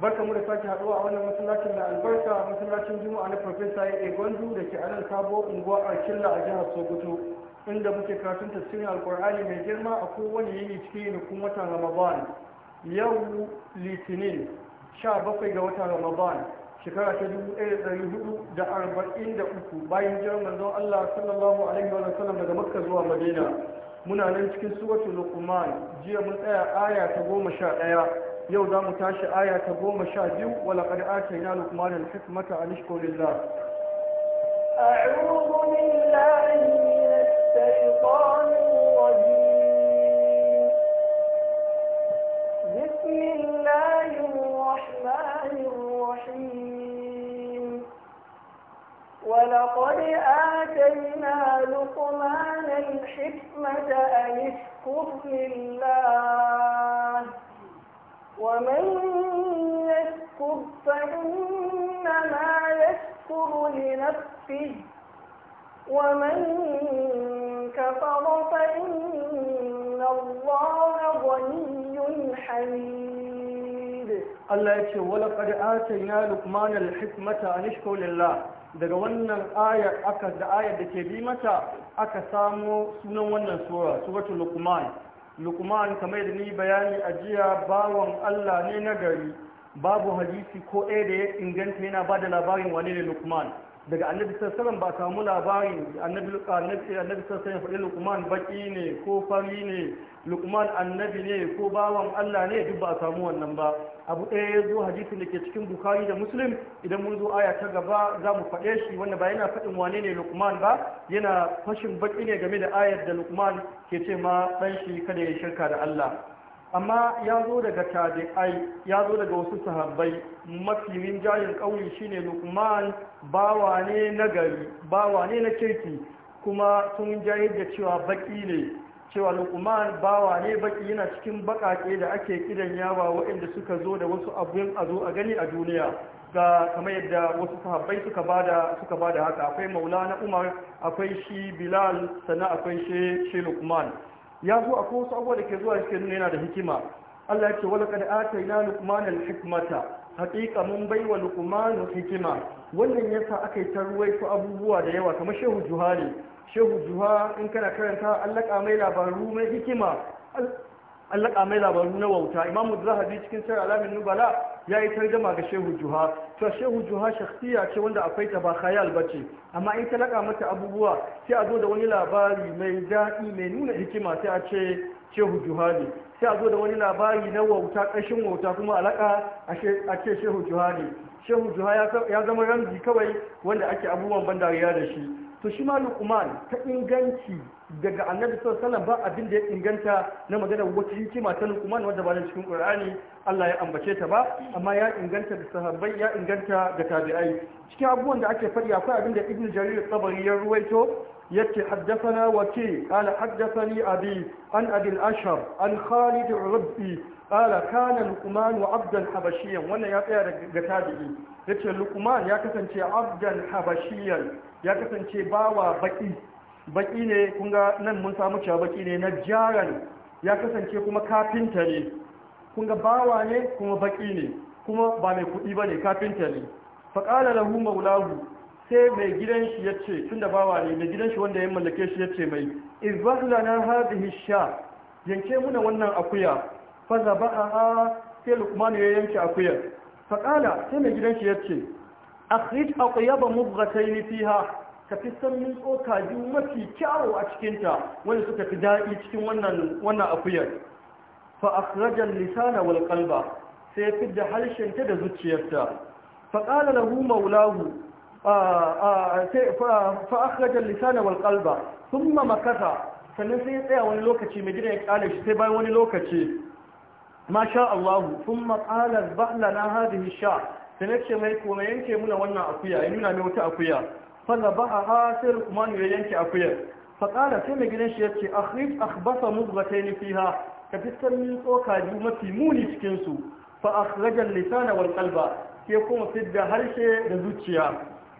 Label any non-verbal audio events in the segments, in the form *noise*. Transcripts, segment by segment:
barka mu da sake haɗuwa a wannan masallacin da albarka masallacin juma'a na professor ya gwandu da ke anan sabo unguwa a killa a jihar sokoto inda muke karatun tafsirin alkur'ani mai girma a kowane yini cikin yinikun watan ramadan yau litinin sha bakwai ga watan ramadan shekara ta uku, bayan jiran manzon allah sallallahu alaihi wa sallam daga makka zuwa madina muna nan cikin suwatu luqman jiya mun tsaya aya ta goma sha ɗaya يو دام تاشي آية تبوم شاديو ولقد آتينا لقمان الحكمة أن اشكو لله أعوذ بالله من الشيطان الرجيم بسم الله الرحمن الرحيم ولقد آتينا لقمان الحكمة أن اشكو لله ومن يشكر فإنما يشكر لنفسه ومن كفر فإن الله غني حميد الله يقول ولقد آتينا لقمان الحكمة أن اشكر لله daga wannan ayar aka da ayar da ke bi mata aka samo sunan wannan sura suratul luqman lukman kamar da ni bayani a jiya bawan allah ne na gari babu hadisi ko ɗaya da ya inganta yana ba da labarin wane ne lukman daga annabi sassanan ba samu labarin annabi sassanan faɗi lukman baƙi ne ko fari ne lukman annabi ne ko bawan allah ne duk ba a samu wannan ba abu ɗaya ya zo hadisin da ke cikin bukari da muslim idan mun zo aya ta gaba za mu faɗe shi wanda ba yana faɗin wane ne lukman ba yana fashin baƙi ne game da ayar da lukman ke ce ma ɗan shi kada ya shirka da allah amma ya zo daga tabi'ai ya zo daga wasu sahabbai mafi rinjayen ƙauye shine lukman bawa ne na gari bawa ne na kirki kuma sun jayar da cewa baƙi ne cewa lukman bawa ne baƙi yana cikin bakake da ake kidan yawa waɗanda suka zo da wasu abin a zo a gani a duniya ga kamar yadda wasu sahabbai suka bada suka bada haka akwai maulana umar akwai shi bilal sannan akwai shi lukman ya zo akwai wasu abubuwa da ke zuwa suke nuna yana da hikima Allah ya ce wala kad atayna luqman al hikmata haqiqa mun baiwa luqman hikima wannan yasa aka yi tarwaito abubuwa da yawa kamar shehu juhari shehu juha in kana karanta allaka mai labaru mai hikima allaka mai labaru na wauta imamu zahabi cikin sir alamin nubala ya yi tarjama ga shehu juha to shehu juha shakhsiya ce wanda akwai ta ba khayal bace amma in ta laka mata abubuwa sai a zo da wani labari mai daɗi mai nuna hikima sai a ce shehu juha ne sai a zo da wani labari na wauta ƙashin wauta kuma alaka a ce shehu juha ne shehu juha ya zama ramzi kawai wanda ake abubuwan ban dariya da shi to shi ma lukman ta inganci daga annabi sallallahu ba abin da ya inganta na magana wata hikima ta Luqman wanda ba da cikin Qur'ani Allah ya ambace ta ba amma ya inganta da sahabbai ya inganta da tabi'ai cikin abubuwan da ake faɗi akwai abin da Ibn Jarir Tabari ya ruwaito yace haddathana wa ki qala haddathani abi an abi al an Khalid rabbi qala kana Luqman wa abdan habashiyan wannan ya tsaya daga tabi'i yace Luqman ya kasance abdan habashiyan ya kasance bawa baki baki ne kun nan mun samu cewa baki ne na jaran ya kasance kuma kafinta ne kun bawa ne kuma baki ne kuma ba mai kuɗi ba ne kafinta ne faƙala hu maulahu sai mai gidan shi ya ce tun da bawa ne mai gidan shi wanda ya mallake shi ya ce mai izbahla na hadhihi sha yanke muna wannan akuya fa zabaha sai lukman ya yanke akuyar faƙala sai mai gidan shi ya ce akhrij aqyaba mubghatayn fiha Ka fi sannin tsokaji mafi kyawo a cikinta wanda suka fi daɗi cikin wannan akuyar fa a akhraja lisana wal qalba sai fi da harshenta da zuciyarta fa qala lahu maulahu fa a akhraja lisana wal sun thumma makatha sannan sai ya tsaya wani lokaci mai gidan ya kale shi sai bayan wani lokaci masha Allah sun qala bahla na hadhihi sha sai ce mai kuma yanke muna wannan akuya ya nuna mai wata akuya falla ba a hasir usman ya yanke akuyar Faƙara sai mai gidan shi ya ce akhrij akhbasa muzghatain fiha ka fitar min tsoka biyu mafi muni cikin su fa akhraja lisana wal qalba sai kuma fidda harshe da zuciya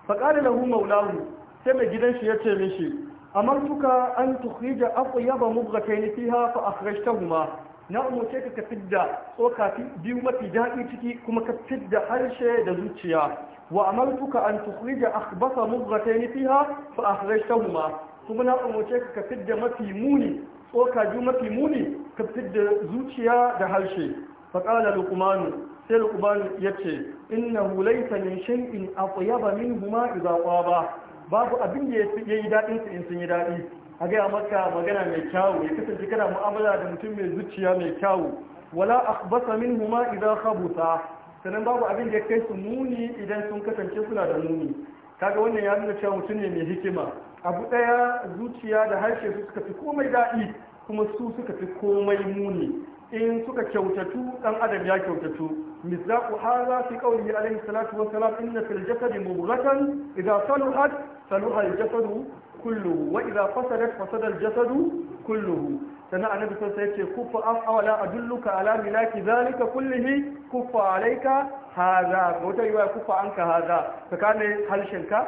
faƙala lahu maulahu sai mai gidan shi ya ce mishi amartuka an tukhrija aqyaba muzghatain fiha fa akhrajtahuma na umarce ka ka fidda tsokaci biyu mafi daɗi ciki kuma ka fidda harshe da zuciya wa amaltuka an tukhrija akhbasa mughratayn fiha fa akhrajtahuma kuma na umarce ka ka fidda mafi muni tsoka biyu mafi muni ka fidda zuciya da harshe fa qala luqman sai luqman yace innahu laysa min shay'in atyaba minhuma idha qaba babu abin da yayi daɗin su in sun yi daɗi a gaya maka magana mai kyawu ya kasance kana mu'amala da mutum mai zuciya mai kyawu wala akhbasa minhuma idza khabuta sanan babu abin da ya kai su muni idan sun kasance suna da muni kaga wannan ya nuna cewa mutum ne mai hikima abu daya zuciya da harshe su suka fi komai daɗi kuma su suka fi komai muni in suka kyautatu dan adam ya kyautatu misaqu hadha fi qawlihi alayhi salatu wa salam inna fil jasadi mubghatan idha saluhat saluha al jasadu kulluhu wa idza fasadat fasada al-jasadu kulluhu sannan annabi sai ya ce kuffa am awala adulluka ala milaki zalika kullihi kuffa alayka hadha ko ta riwaya kuffa anka hadha tsakanin ka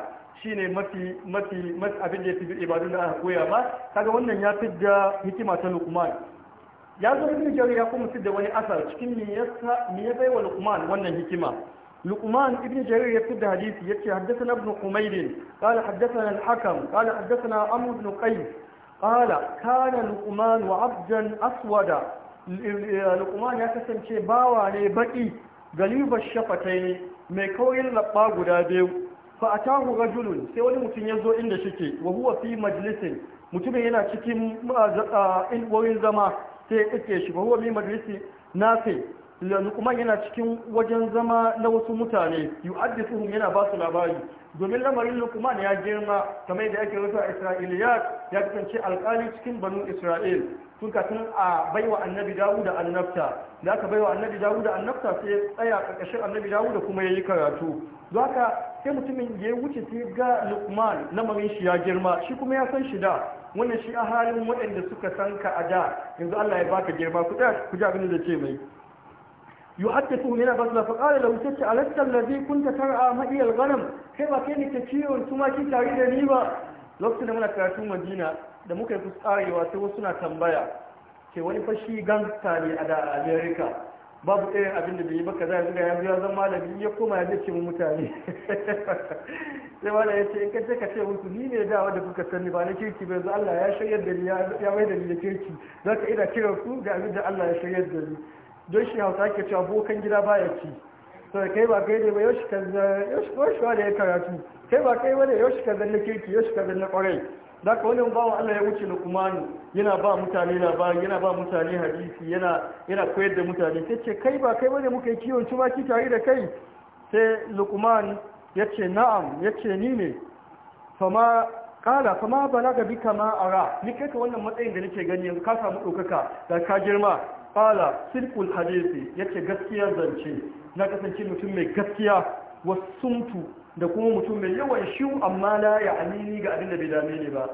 shine mafi mafi mafi abin da yafi ibadun da aka koya ma kaga wannan ya fidda hikima ta Luqman ya zo ibn Jarir ya kuma fidda wani asar cikin me yasa ya bai wa Luqman wannan hikima لقمان ابن جرير يكتب حديث يكتب حدثنا ابن حميد قال حدثنا الحكم قال حدثنا عمرو بن قيس قال كان لقمان وعبدا أسودا لقمان يكسن شي باواني بقي غليب الشفتين ميكوين لبا غدا بيو فأتاه رجل سيولي متن يزو عند شكي وهو في مجلس mutumin yana cikin wurin zama sai ya kake shi ba huwa mai majalisi na sai yanzu kuma yana cikin wajen zama na wasu mutane yu'addithuhum yana ba su labari domin lamarin Luqman ya girma kamar da yake rubuta Isra'iliyat ya kasance alƙali cikin banu Isra'il tun kafin a baiwa Annabi Dawud annabta da aka baiwa Annabi Dawud annabta sai ya tsaya ƙarƙashin Annabi Dawuda kuma ya yi karatu zaka sai mutumin ya wuce sai ga Luqman lamarin shi ya girma shi kuma ya san shi da wannan shi a halin waɗanda suka san ka a da yanzu Allah ya baka girma ku da ku ji abin da ce mai يحدثه من غزلة فقال لو تت ألست الذي كنت ترعى مئي الغنم كيف كان تشير ثم كنت أريد نيبا lokacin da muna karatu madina da muka yi kuskarewa sai wasu na tambaya ke wani fashi gangsta ne a da america babu irin abin da bai yi ba kaza yanzu ga ya biya zan malami ya koma ya dace mu mutane sai wala ya ce in kace ce ka ce musu ni ne da wanda kuka sani ba na kirki ba yanzu Allah ya shirya da ni ya mai da ni da kirki zaka ina kira ku ga abin da Allah ya shirya da ni don shi hausa ke cewa bokan gida baya ci sau kai ba kai ne ba yau shi kaza da ya karatu kai ba kai wani yau shi kaza na kirki yau shi kaza na kwarai za ka wani bawa Allah ya wuce lukumanu yana ba mutane labari yana ba mutane hadisi yana koyar da mutane sai ce kai ba kai wani muka yi kiwon tumaki tare da kai sai lukuman ya ce na'am ya ce ni ne fama kala fama balaga bi kama ara ni kai ka wannan matsayin da nake gani yanzu ka samu ɗaukaka da ka girma kala sirkul hadisi yace gaskiya zance na kasance mutum mai gaskiya wa sumtu da kuma mutum mai yawan shu amma la ya alini ga abin bai dame ni ba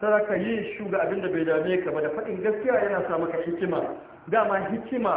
saraka yin shu ga abin bai dame ka ba da fadin gaskiya yana sa maka hikima dama hikima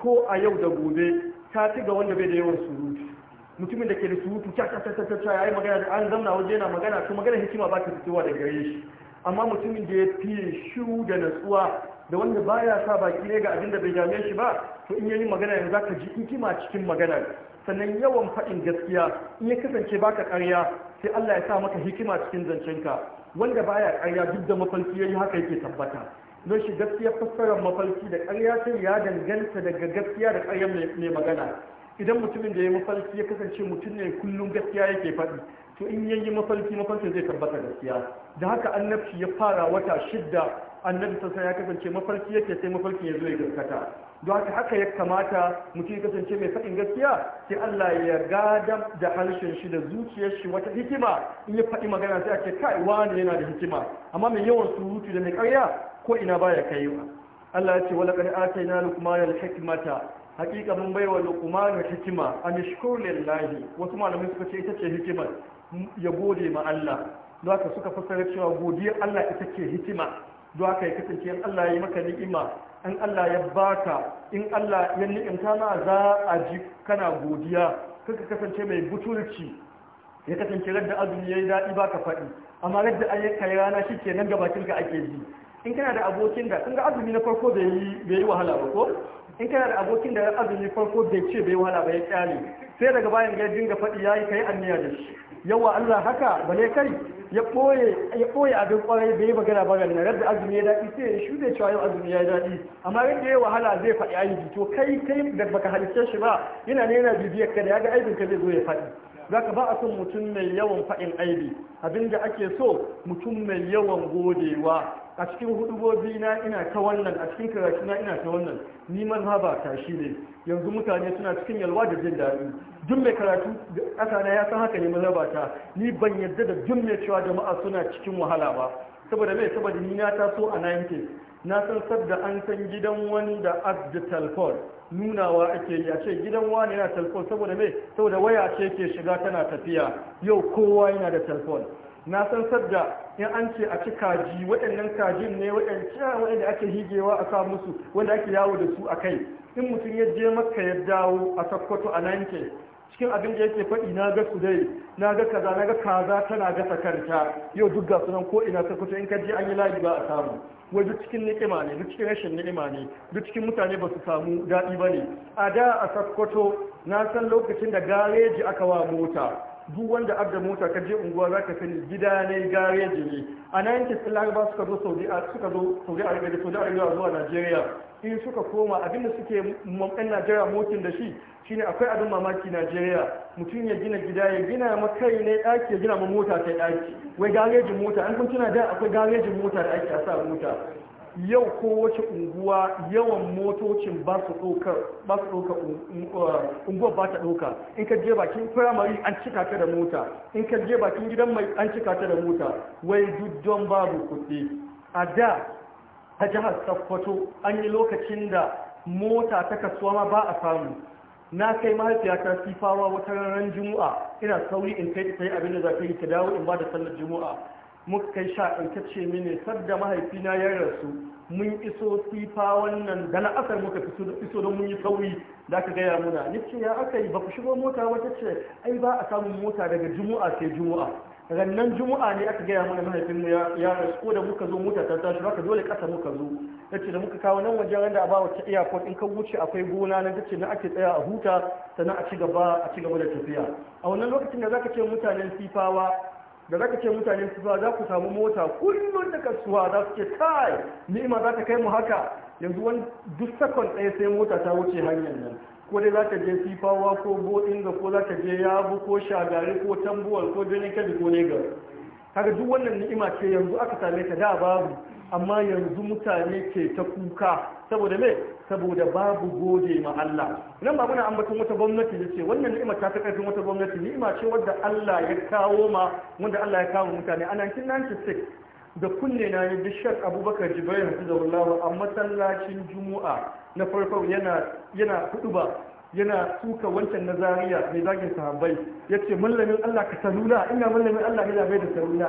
ko a yau da gobe ta ci ga wanda bai da yawan surutu mutumin da ke da surutu ta ta ta ta ta yayi magana da an zanna waje yana magana to magana hikima ba ta fitowa daga gare shi amma mutumin da ya fi shu da natsuwa da wanda baya sa baki ne ga abin da bai dame shi ba to in yayi magana yanzu zaka ji hikima cikin magana. sannan yawan faɗin gaskiya in ya kasance baka ƙarya sai Allah ya sa maka hikima cikin zancenka wanda baya ƙarya duk da mafalki yayi haka yake tabbata don shi gaskiya fassarar mafalki da ƙarya sai ya danganta daga gaskiya da ƙarya mai magana idan mutumin da ya mafalki ya kasance mutum ne kullum gaskiya yake faɗi to in yayi mafalki mafarkin zai tabbata gaskiya da haka annabci ya fara wata shidda annabi sassa ya kasance mafarki yake sai mafarkin ya zo ya gaskata don haka haka ya kamata mutum ya kasance mai faɗin gaskiya sai Allah ya gada da harshen shi da zuciyar shi wata hikima in ya faɗi magana sai a ce kai wani yana da hikima amma mai yawan surutu da mai ƙarya ko ina baya wa? Allah ya ce wala qad atayna luqmanal hikmata hakika mun bai wa luqmanal hikima an shkur lillahi wasu malamai suka ce ita ce hikima ya gode ma Allah don haka suka fassara cewa godiyar Allah ita ce hikima zuwa ka yi kasance in Allah ya maka ni'ima in Allah ya baka in Allah ya ni'imta ma za a ji kana godiya kaka kasance mai butulci ya kasance radda azumi yayi daɗi baka faɗi amma radda ayyuka rana shike nan gabatin ka ake ji in kana da abokin da kun ga azumi na farko bai yi wahala ba ko in kana da abokin da azumi farko bai ce bai wahala ba ya kyale sai daga bayan ya dinga faɗi yayi kai anniya da shi yawa Allah haka ne kai ya ɓoye ya ɓoye abin kwarai bai magana ba ganin rabbi azumi ya daɗi sai ya shuɗe cewa yau azumi ya daɗi amma da ya wahala zai faɗi aiki to kai kai da baka halice shi ba yana ne bibiyar ka da ya ga aikin ka zai zo ya faɗi zaka ba a son mutum mai yawan faɗin aibi abinda ake so mutum mai yawan godewa a cikin hudubobi na ina ta wannan a cikin karatu na ina ta wannan ni haba ta shi ne yanzu mutane suna cikin yalwa da jin daɗi duk mai karatu ƙasa na ya san haka ne mazhaba ta ni ban yadda da duk mai cewa jama'a suna cikin wahala ba saboda mai saboda ni na taso a 90 na san sabda an san gidan wani da Abdul nunawa ake yi a ce gidan wani yana telefon saboda mai saboda waya ce ke shiga tana tafiya yau kowa yana da telefon na san sadda in an ce a ci kaji waɗannan kajin ne waɗanda ah, ake higewa a sa musu wanda ake yawo da su a kai in mutum ya je maka ya dawo a sakkwato a 90 cikin abin da yake faɗi na ga su dai na ga kaza na ga kaza tana gasa kanta yau duk ga sunan ko ina sarkuta in ka je an yi layi ba a samu wai duk cikin ni'ima ne duk cikin rashin ni'ima ne duk cikin mutane ba su samu daɗi ba ne a da a sakkwato na san lokacin da gareji aka wa mota duk wanda abda mota ka je unguwa za ka sani gida ne gareji ne a na yankin sun laraba suka zo saudi arabia da zuwa najeriya in suka koma abinda suke yan najeriya motin da shi shine akwai abin mamaki najeriya mutum ya gina gida ya gina ma kai ne ɗaki ya gina ma mota ta ɗaki wai garejin mota an kun tuna da akwai garejin mota da ake a sa mota yau ko wace unguwa yawan motocin ba su ɗauka uh, unguwa ba ta ɗauka in ka je bakin firamare an cika ta da mota in ka je bakin gidan mai an cika ta da mota wai duk don babu kuɗi a da a jihar Sakkwato an yi lokacin da mota ta kasuwa ma ba a samu na kai mahaifiyata sifawa wata ranar juma'a ina sauri in kai ta yi abin da za ta yi ta dawo in ba da sallar juma'a muka kai sha ɗauke ce mini sadda mahaifina ya rasu mun iso sifa wannan da na asar muka iso don mun yi sauri da aka gaya muna ni ya aka yi ba ku shigo mota wata ce ai ba a samun mota daga juma'a sai juma'a rannan juma'a ne aka gaya mana mahaifinmu ya rasu ko da muka zo mota ta tashi haka dole ƙasa muka zo ta ce da muka kawo nan wajen randa a bawa ta iyakon in ka wuce akwai gona na ta ce na ake tsaya a huta sannan a ci gaba a ci gaba da tafiya a wannan lokacin da zaka ce mutanen sifawa da za ka ce mutane su za ku samu mota kullum da kasuwa za su ce kai ni'ima za ta kai mu haka yanzu wani duk sakon ɗaya sai mota ta wuce hanyar nan ko dai za ka je sifawa ko ga ko za ka je yabu ko shagari ko tambuwal ko birnin kadi ko legas kaga duk wannan ni'ima ce yanzu aka same ta da babu amma yanzu mutane ke ta kuka saboda me saboda babu gode ma Allah nan ba muna ambaton wata gwamnati ne ce wannan ni'ima ta ta karfin wata gwamnati ni'ima ce wadda Allah ya kawo ma wanda Allah ya kawo mutane a 1996 da kunne na yi bishar abubakar jibril hafizahullahu a masallacin juma'a na farko yana yana yana suka wancan na zariya mai zagin sahabbai ya ce mallamin Allah ka saluna ina mallamin Allah ya bai da saluna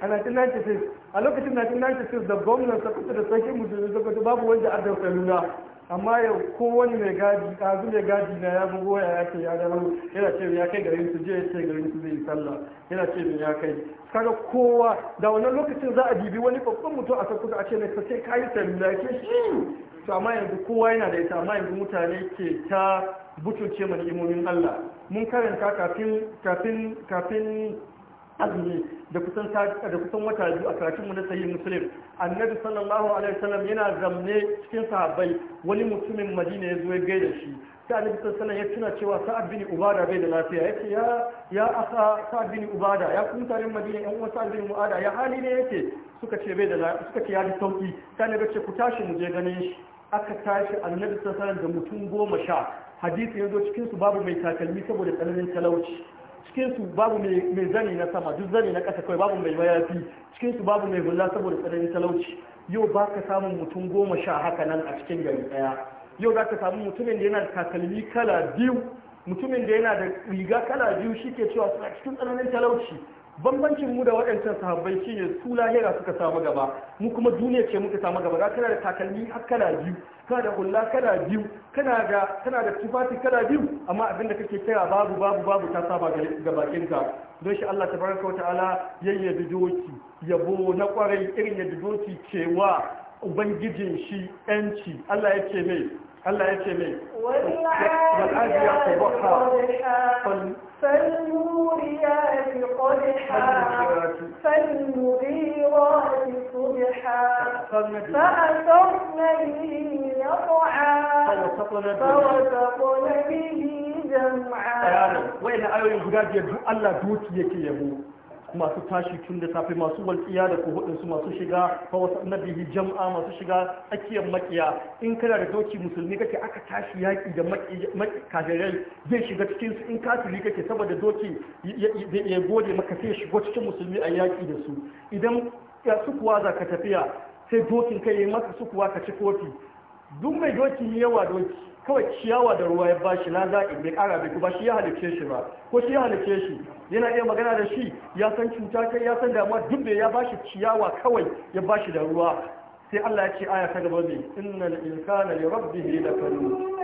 a 1996 a lokacin 1996 da gwamnan sakuta da sarkin musulmi sakuta babu wanda adda salula amma yau kowane mai gadi ɗazu mai gadi na ya bugo ya ya ce ya dama yana ce ya kai garin su je ya ce garin su zai yi sallah yana ce ya kai kaga kowa da wannan lokacin za a dibi wani babban mutum a sarkuta a ce ne kayi kai sallah ke shi to amma yanzu kowa yana da ita amma yanzu mutane ke ta butulce mana imomin Allah mun karanta kafin kafin kafin azumi da kusan da kusan wata biyu a karatun mu na sahih muslim annabi sallallahu alaihi wasallam yana zamne cikin sahabbai wani mutumin madina ya zo ya gaida shi sai annabi sallallahu alaihi ya tuna cewa sa'ad bin ubada bai da lafiya yace ya ya aka sa'ad bin ubada ya kuma tarin madina yan uwa sa'ad bin ubada ya hali ne yace suka ce bai da suka ce ya ji sauki sai annabi ce ku tashi mu je ganin shi aka tashi annabi sassan da mutum goma sha hadisi yanzu cikinsu babu mai takalmi saboda tsananin talauci cikinsu babu mai zani na sama duk zane na kasa kawai babu mai mayafi cikinsu babu mai hula saboda tsananin talauci yau ba ka samun mutum goma sha haka nan a cikin gari ɗaya yau za ka samu mutumin da yana da takalmi kala biyu mutumin da yana da riga kala biyu shi ke cewa suna cikin tsananin talauci bambancin mu da waɗancan sahabbai shine su lahira suka samu gaba mu kuma duniya ce muka samu gaba ga kana da takalmi har kana biyu kana da hulla kana biyu kana da da tufafi kana biyu amma abinda kake kira babu babu babu ta saba ga bakin ka don shi Allah tabaraka wataala yayyabi doki yabo na kwarai irin yadda doki cewa ubangijin shi yanci Allah ya ce mai هلا yake mai wal'ajiya ku فالموريات قدحا فالمغيرات صبحا فأثرن به يطعا فوثقن به جمعا وإن أيوة الغداد الله دوتي يكي يبو masu tashi tun da safe masu walƙiya da kohudin su masu shiga fa wasu nabihi jam'a masu shiga tsakiyar makiya in kana da doki musulmi kake aka tashi yaƙi da kafirai zai shiga cikin su in kafiri kake saboda doki ya gode maka sai shigo cikin musulmi a yaƙi da su idan ya sukuwa za ka tafiya sai dokin kai ya yi maka kuwa ka ci kofi duk mai doki yawa doki kawai ciyawa da ruwa ya ba shi, na in bai kara bai kuma shi ya halicce shi ba ko shi ya halicce shi yana iya magana da shi ya san cuta kai ya san damuwa duk da ya ba shi ciyawa kawai ya ba shi da ruwa sai Allah ya ce aya ta gaba ne innal insana li rabbihi lakanun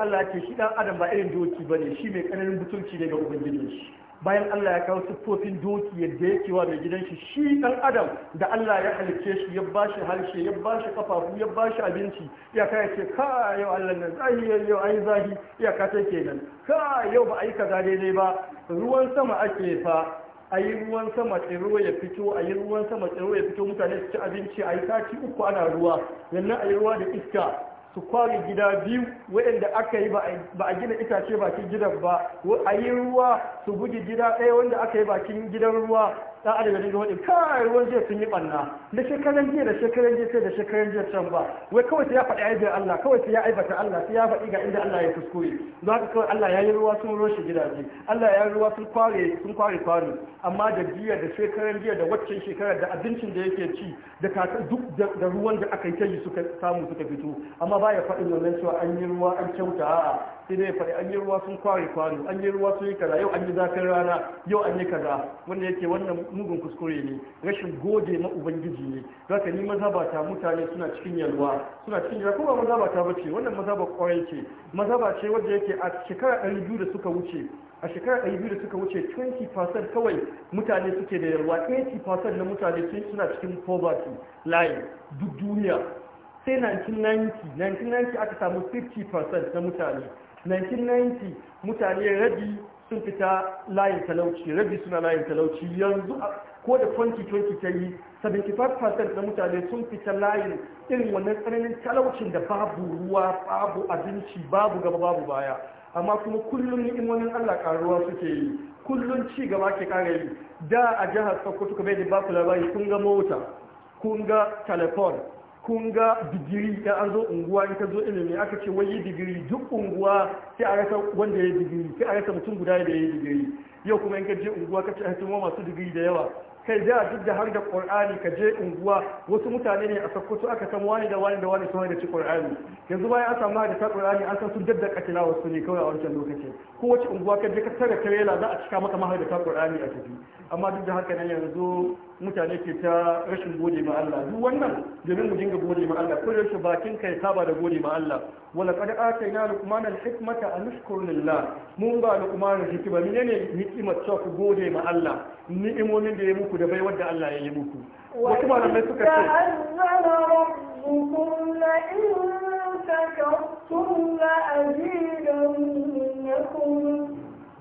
Allah ce shi dan adam ba irin doki bane shi mai kananin mutunci ne ga ubangiji shi bayan Allah ya kawo siffofin doki yadda yake wa mai gidan shi shi dan adam da Allah ya halicce shi ya ba shi harshe ya ba shi kafafu ya ba shi abinci ya ka ce ka yau Allah ne. zahi yau ai zahi ya ka ta ke nan. ka yau ba aika kaza daidai ba ruwan sama ake fa a yi ruwan sama tsiro ya fito a yi ruwan sama tsiro ya fito mutane su ci abinci a yi sati uku ana ruwa yannan a yi ruwa da iska su kwari gida biyu waɗanda aka yi ba a gina itace bakin gidan ba a yi ruwa su bugi gida ɗaya wanda aka yi bakin gidan ruwa dan adam ya dinga wadin kai ruwan jiya sun yi banna da shekaran jiya da shekaran jiya sai da shekaran jiya can ba wai kawai sai ya faɗi aibin Allah kawai sai ya aibata Allah sai ya faɗi ga inda Allah ya kuskure don haka kawai Allah ya yi ruwa sun roshe gidaje Allah ya yi ruwa sun kware sun kware kwano amma da jiya da shekaran jiya da waccan shekarar da abincin da yake ci da kaka duk da ruwan da aka yi tayi suka samu suka fito amma ba ya faɗi wannan cewa an yi ruwa an kyauta a'a sai dai faɗi an yi ruwa sun kware kwano an yi ruwa sun yi kaza yau an yi zafin rana yau an yi kaza wanda yake wannan mugun kuskure ne rashin gode na ubangiji ne za ka ni mazhabata mutane suna cikin yalwa suna cikin yalwa kuma mazhabata ba ce wannan ba kwarai ce ba ce wadda yake a shekara ɗari biyu da suka wuce a shekara ɗari biyu da suka wuce 20% kawai mutane suke da yalwa 80% na mutane suna cikin poverty line duk duniya sai 1990 1990 aka samu 50% na mutane 1990 mutane rabi sun fita layin talauci rabi suna layin talauci yanzu ko da 2020 ta yi 75% na mutane sun fita layin irin wannan tsananin talaucin da babu ruwa babu abinci babu gaba babu baya amma kuma kullum wannan Allah karuwa suke yi kullum ci gaba ke kare yi da a jihar Sokoto kuma da ba ku labari kun ga mota kun ga telefon kun ga digiri ya an zo unguwa in ka zo ilimi aka ce wai digiri duk unguwa sai a rasa wanda ya yi digiri sai a rasa mutum guda da ya yi digiri yau kuma in ka je unguwa ka ce a cikin masu digiri da yawa kai da duk da har da qur'ani ka je unguwa wasu mutane ne a sakkwato aka san wani da wani da wani sun da ci qur'ani yanzu bayan an samu da ta qur'ani an san sun daddaka tilawar su ne kawai a wancan lokacin ko wace unguwa ka je ka tare tarela za a cika maka mahar da ta qur'ani a tafi amma duk da haka nan yanzu mutane ke ta rashin gode ma Allah duk wannan domin mu dinga gode ma Allah kullum shi bakin kai saba da gode ma Allah wala qad atayna luqman al-hikmata an nashkuru lillah mun ba luqman hikima menene hikimar ta ku gode ma Allah ni'imomin da ya muku da bai wadda Allah ya yi muku wasu malamai suka ce ta'azzara rabbukum la in takartum la azidannakum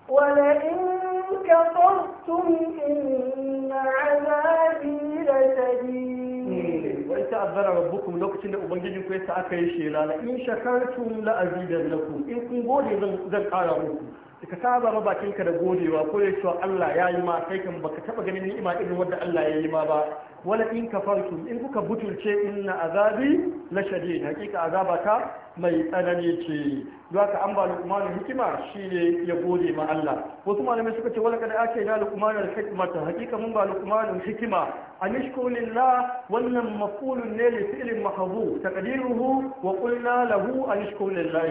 wa la in kafartum inna azabi la shadid wa ita azzara rabbukum lokacin da ubangijin ku aka yi shela la in shakartum la azidannakum in kun gode zan ƙara muku ka saba ba bakinka da godewa ko ya cewa Allah ya yi ma kai kan baka taba ganin ni'ima irin wanda Allah ya yi ma ba wala in kafartum in kuka butulce inna azabi la shadid hakika azabata mai tsanani ce zaka an ba luqmanul hikima shine ya gode ma Allah wasu malamai suka ce wala kada ake na luqmanul hikmata hakika mun ba luqmanul hikima anishkur lillah wannan maf'ulun ne li fi'lin mahdhu taqdiruhu wa qulna lahu anishkur lillah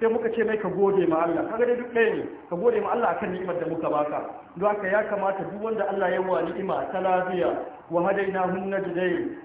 sai muka ce mai ka gode ma Allah kaga dai duk ɗaya ne ka gode ma Allah akan ni'imar da muka baka don haka ya kamata duk wanda Allah ya wa ni'ima ta lafiya wa hadainahun najdain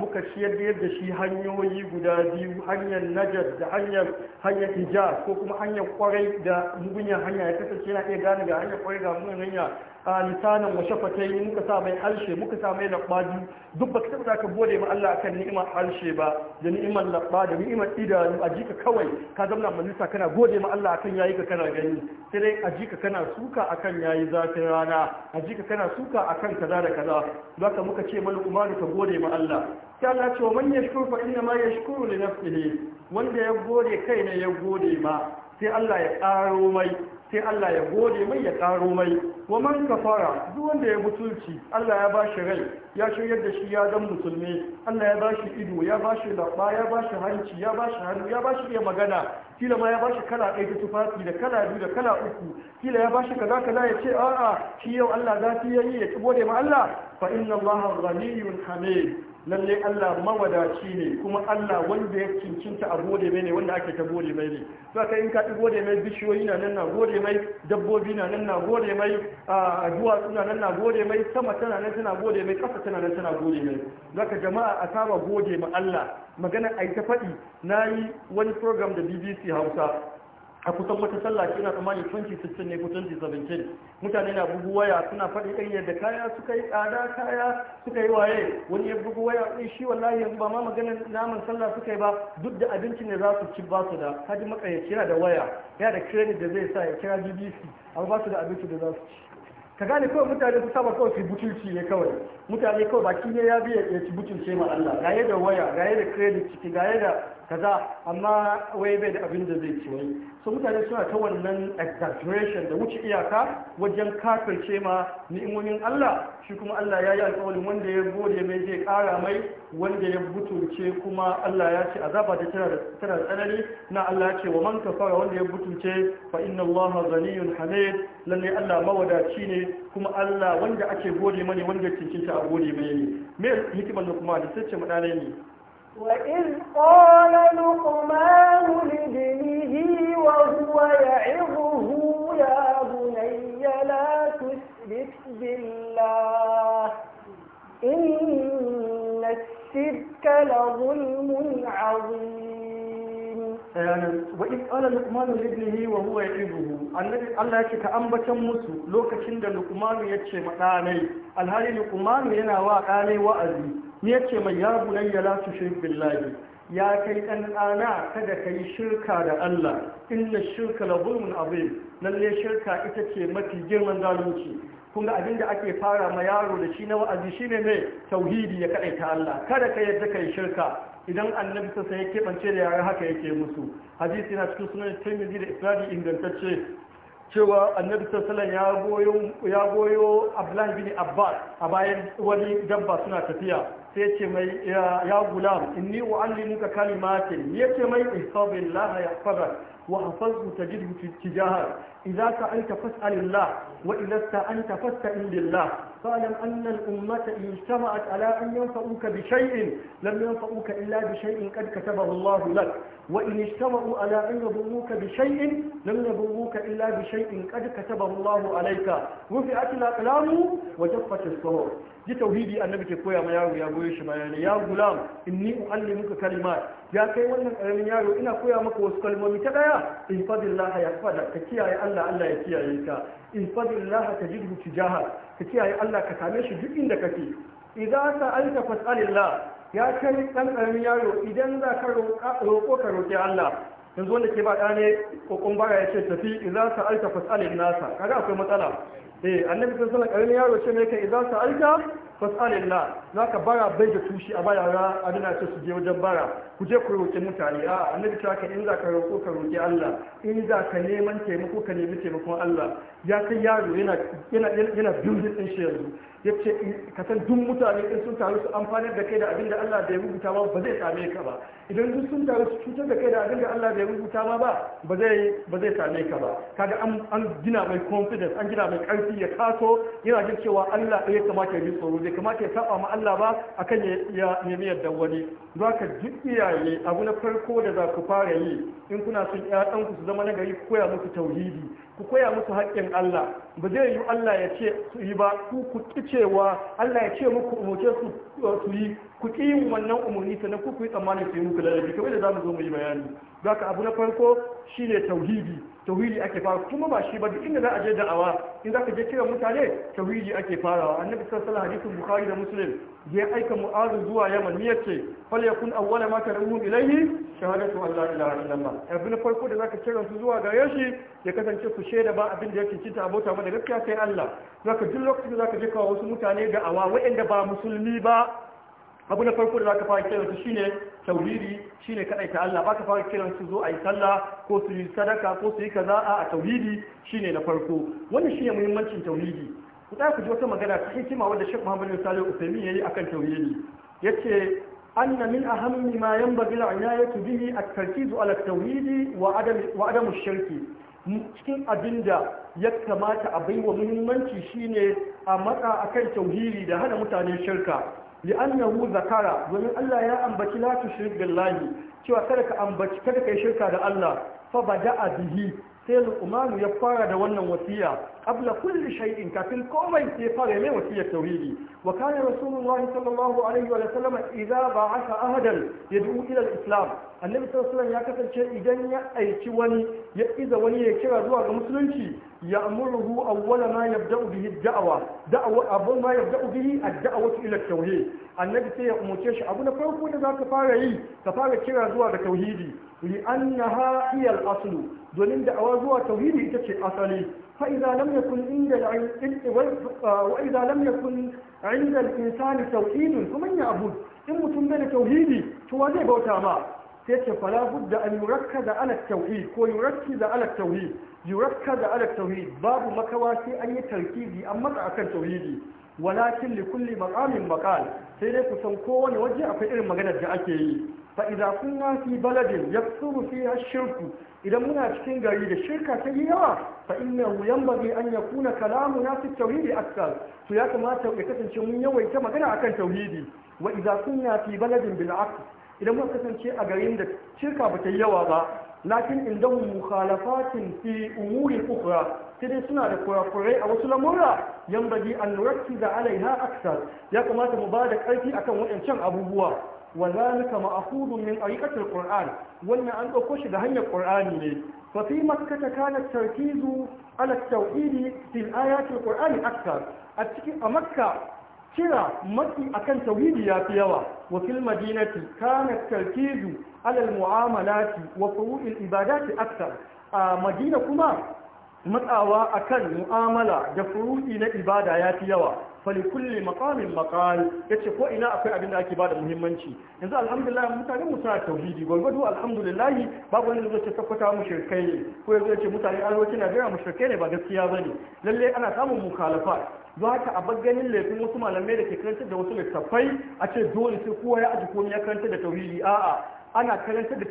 muka ciyar da yadda shi hanyoyi guda biyu hanyar najar da hanyar hanyar hijaz ko kuma hanyar kwarai da mugunyar hanya ya kasance yana iya gane ga hanyar kwarai ga mugunyar hanya lisanan wa in muka sa mai harshe muka sa mai labbaji duk baka taba zaka gode ma Allah akan ni'imar harshe ba da ni'imar labba da ni'imar idanu a jika kawai ka zamna majalisa kana gode ma Allah akan yayi ka kana gani sai dai a jika kana suka akan yayi zafin rana a jika kana suka akan kaza da kaza zaka muka ce mal umaru ka gode ma Allah sai Allah ce man yashkuru fa inna ma yashkuru li nafsihi wanda ya gode kai ne ya gode ma sai Allah ya karo mai sai Allah ya gode mai ya karo mai wa man kafara duk wanda ya butulci Allah ya bashi rai ya shiryar da shi ya dan musulmi Allah ya bashi ido ya bashi labba ya bashi hanci ya bashi hannu ya bashi iya magana kila ma ya bashi kala ɗaya ta tufafi da kala biyu da kala uku kila ya bashi kaza kaza ya ce a'a shi yau Allah za ta yi ya ci gode ma Allah fa inna Allah ghaniyyun hamid lalle Allah mawadaci ne kuma Allah wanda ya cincinta a gode mai ne wanda ake ta gode mai ne to kai in kaɗi gode mai bishiyoyi na nan na gode mai dabbobi na nan na gode mai a duwatsu na nan na gode mai sama tana nan tana gode mai ƙasa tana nan tana gode mai zaka jama'a a saba gode ma Allah magana ai ta faɗi nayi wani program da BBC Hausa a kusan wata sallah ce na tsammani 2016 ne ko 2017 mutane na bugu waya suna faɗi kan yadda kaya suka yi tsada kaya suka yi waye wani ya bugu waya ɗin shi wallahi yanzu ba ma maganar naman sallah suka yi ba duk da abincin da za su ci ba su da kaji makayyaci yana da waya yana da credit da zai sa ya kira bbc abu ba su da abincin da za su ci ka gane kawai mutane su saba kawai su butulci ne kawai mutane kawai baki ne ya biya ya ci butulce ma Allah gaye da waya gaye da credit ciki gaye da kaza amma wai bai da abin da zai ci wani. so mutane suna ta wannan exaggeration da wuce iyaka wajen kafirce ma ni'imomin Allah shi kuma Allah ya yi alƙawarin wanda ya gode mai zai ƙara mai wanda ya butulce kuma Allah ya ce azaba ta tana da tsanani na Allah ya ce wa man kafara wanda ya butulce fa inna Allah ghaniyun hamid lalle Allah mawadaci ne kuma Allah wanda ake gode mani wanda cincinta a gode mai ne me hikimar da kuma da sace mu ne وإذ قال لقمان لابنه وهو يعظه يا بني لا تشرك بالله إن الشرك لظلم عظيم eh, وإذ قال لقمان لابنه وهو يعظه annabi Allah yake ka ambatan musu lokacin da Luqman ya ce ma alhali Luqman yana wa ɗanai wa'azi ya ce mai ya bunayya la tushrik billahi ya kai ɗanɗana kada ka yi shirka da Allah inna shirka la zulmun azim lalle shirka ita ce mafi girman zalunci kun ga abin da ake fara ma yaro da shi na wa'azi shine mai tauhidi ya kaɗai ta Allah kada ka yadda ka yi shirka idan annabi sa sai ya keɓance da yare haka yake musu hadisi na cikin sunan Tirmidhi da Isnadi ingantacce cewa annabi sassalan ya goyo abdullahi bin abbas a bayan wani dabba suna tafiya sai ce mai ya gulam inni u'allimuka kalimatin yace mai ya yahfazak وحفظه تجده تجاهك إذا سألت فاسأل الله وإذا استعنت فاستعن بالله فاعلم أن الأمة إن اجتمعت على أن ينفعوك بشيء لم ينفعوك إلا بشيء قد كتبه الله لك وإن اجتمعوا على أن يضروك بشيء لم يضروك إلا بشيء قد كتبه الله عليك رفعت الأقلام وجفت الصور ji tauhidi annabi ke koya ma yaro ya goye shi bayani ya gulam inni uallimuka kalimat ya kai wannan karamin yaro ina koya maka wasu kalmomi ta daya In in fadillah ya fada ka kiyaye Allah Allah ya kiyaye ka in fadillah tajidhu tijaha ka kiyaye Allah ka same shi duk inda kake idan alka fas'alillah ya kai ɗan ƙaramin yaro idan za ka roƙo ka roƙi Allah yanzu wanda ke ba ɗa ne kokon bara ya ce tafi idza sa'alta fas'alin nasa kaga akwai matsala eh annabi sallallahu alaihi wasallam ƙaramin yaro ce mai kai ka alka fasalillah za ka bara bai da tushi a baya ra abin ce su je wajen bara ku je ku roƙi mutane a annabi ta ka in za ka roƙo ka roƙi Allah in za ka neman taimako ka nemi taimakon Allah ya kai yaro yana yana yana building din shi yanzu yace ka san duk mutane in sun taru su amfanar da kai da abin da Allah bai rubuta ba ba zai same ka ba idan duk sun taru su cutar da kai da abin da Allah bai rubuta ma ba ba zai ba zai same ka ba kaga an an gina mai confidence an gina mai karfi ya taso yana jin cewa Allah ɗaya kamata ya yi tsoro bai kamata ya saba ma Allah ba akan ya nemi yadda wani za ka duk iyaye abu na farko da za ku fara yi in kuna son ƴaƴan ku su zama na gari ku koya musu tauhidi ku koya musu haƙƙin Allah ba zai yi Allah ya ce su yi ba ku ku kicewa Allah ya ce muku umurce su su yi ku ki wannan umurni sannan ku ku yi tsammanin su yi muku lalabi kamar da za mu zo mu yi bayani za ka abu na farko Shi ne tauhidi tauhidi ake fara kuma ba shi ba duk inda za a je da'awa in za ka je kiran mutane tauhidi ake farawa annabi sallallahu alaihi wasallam hadisin bukhari da muslim ya aika mu'azu zuwa yaman ne yace fal yakun awwala ma karamu ilayhi shahadatu an la ilaha illallah abin farko da zaka kiran su zuwa gare shi ya kasance su shaida ba abin da yake cinta abota ba da gaskiya sai Allah zaka duk lokacin da zaka je kawo wasu mutane da'awa waɗanda ba musulmi ba abu na farko da zaka fara kiran su shine tauhidi shine kadai ta Allah baka fara kiran su zo ayi sallah ko su yi sadaka ko su yi kaza a tauhidi shine na farko wannan shine muhimmancin tauhidi ku ta ku ji wata magana ta hikima wanda Sheikh Muhammad bin Salih Uthaymeen yayi akan tauhidi yace anna min ahammi ma yanbaghi al-inayatu bihi at tarkizu ala at tauhidi wa adam wa adam ash-shirk cikin abinda ya kamata a wa muhimmanci shine a matsa akan tauhidi da hana mutane shirka li'annahu zakara domin Allah ya ambaci la tushrik billahi cewa kada ka ambaci kada kai shirka da Allah fa bada'a bihi sai luqman ya fara da wannan wasiya abla kulli shay'in kafin komai sai fara mai wasiyar tauhidi wa kana rasulullah sallallahu alaihi wa sallam idza ba'atha ahadan yad'u ila al-islam annabi sallallahu ya kasance idan ya aiki wani ya iza wani ya kira zuwa ga musulunci ya awwala ma yabda'u bihi ad-da'wa da'wa abu ma yabda'u bihi ad-da'watu ila at-tauhid annabi sai ya umurce shi abu na farko da zaka fara yi ka fara kira zuwa ga tauhidi li annaha hiya al-aslu domin da'awa zuwa tauhidi ita ce asali fa idza lam yakun inda ah, wa idza lam yakun inda al-insani tauhidun kuma ya abu in mutum bai da tauhidi to wa zai bauta ma sai ce fala budda an yurakkaza ala tauhid ko yurakkiza ala tauhid yurakkaza ala tauhid babu makawa sai an yi tarkizi an matsa akan tauhidi walakin li kulli maqamin maqal sai dai kusan kowane waje akwai irin maganar da ake yi fa idza kunna fi baladin yaksuru fiha shirku idan muna cikin gari da shirka ta yi yawa fa inna yanbaghi an yakuna kalamuna fi tauhidi akthar to ya kamata ya kasance mun yawaita magana akan tauhidi wa idza kunna fi baladin bil aqd idan muka kasance a garin da shirka ba ta yi yawa ba lakin indahu mukhalafatin fi umuri ukhra sai suna da kurakurai a wasu lamura yanbaghi an nurakkiza alaiha akthar ya kamata mu ba da karfi akan waɗancan abubuwa wa zalika ma'khudun min tariqati al-Qur'an wannan an dauko shi da hanyar Kur'ani ne fa fi makka kana tarkizu ala at a cikin a makka kira matsi akan tauhidi ya fi yawa wa fil madinati kana tarkizu ala al-mu'amalati wa furu'i al-ibadati akthar a madina kuma matsawa akan mu'amala da furu'i na ibada ya fi yawa kulle makamin makal ya ce ko ina akwai abinda da ake bada muhimmanci yanzu alhamdulillah mutane mu suna tauhidi gwangwado alhamdulillah babu wani zai ce tabbata mu shirkai ne ko ya zuwa ce mutane na najeriya mu shirkai ne ba gaskiya ba ne lallai ana samun mukhalafa zuwa haka a bagganin laifin wasu malamai da ke karantar da wasu littattafai a ce dole sai kowa ya aji komai ya karantar da tauhidi a'a ana karantar da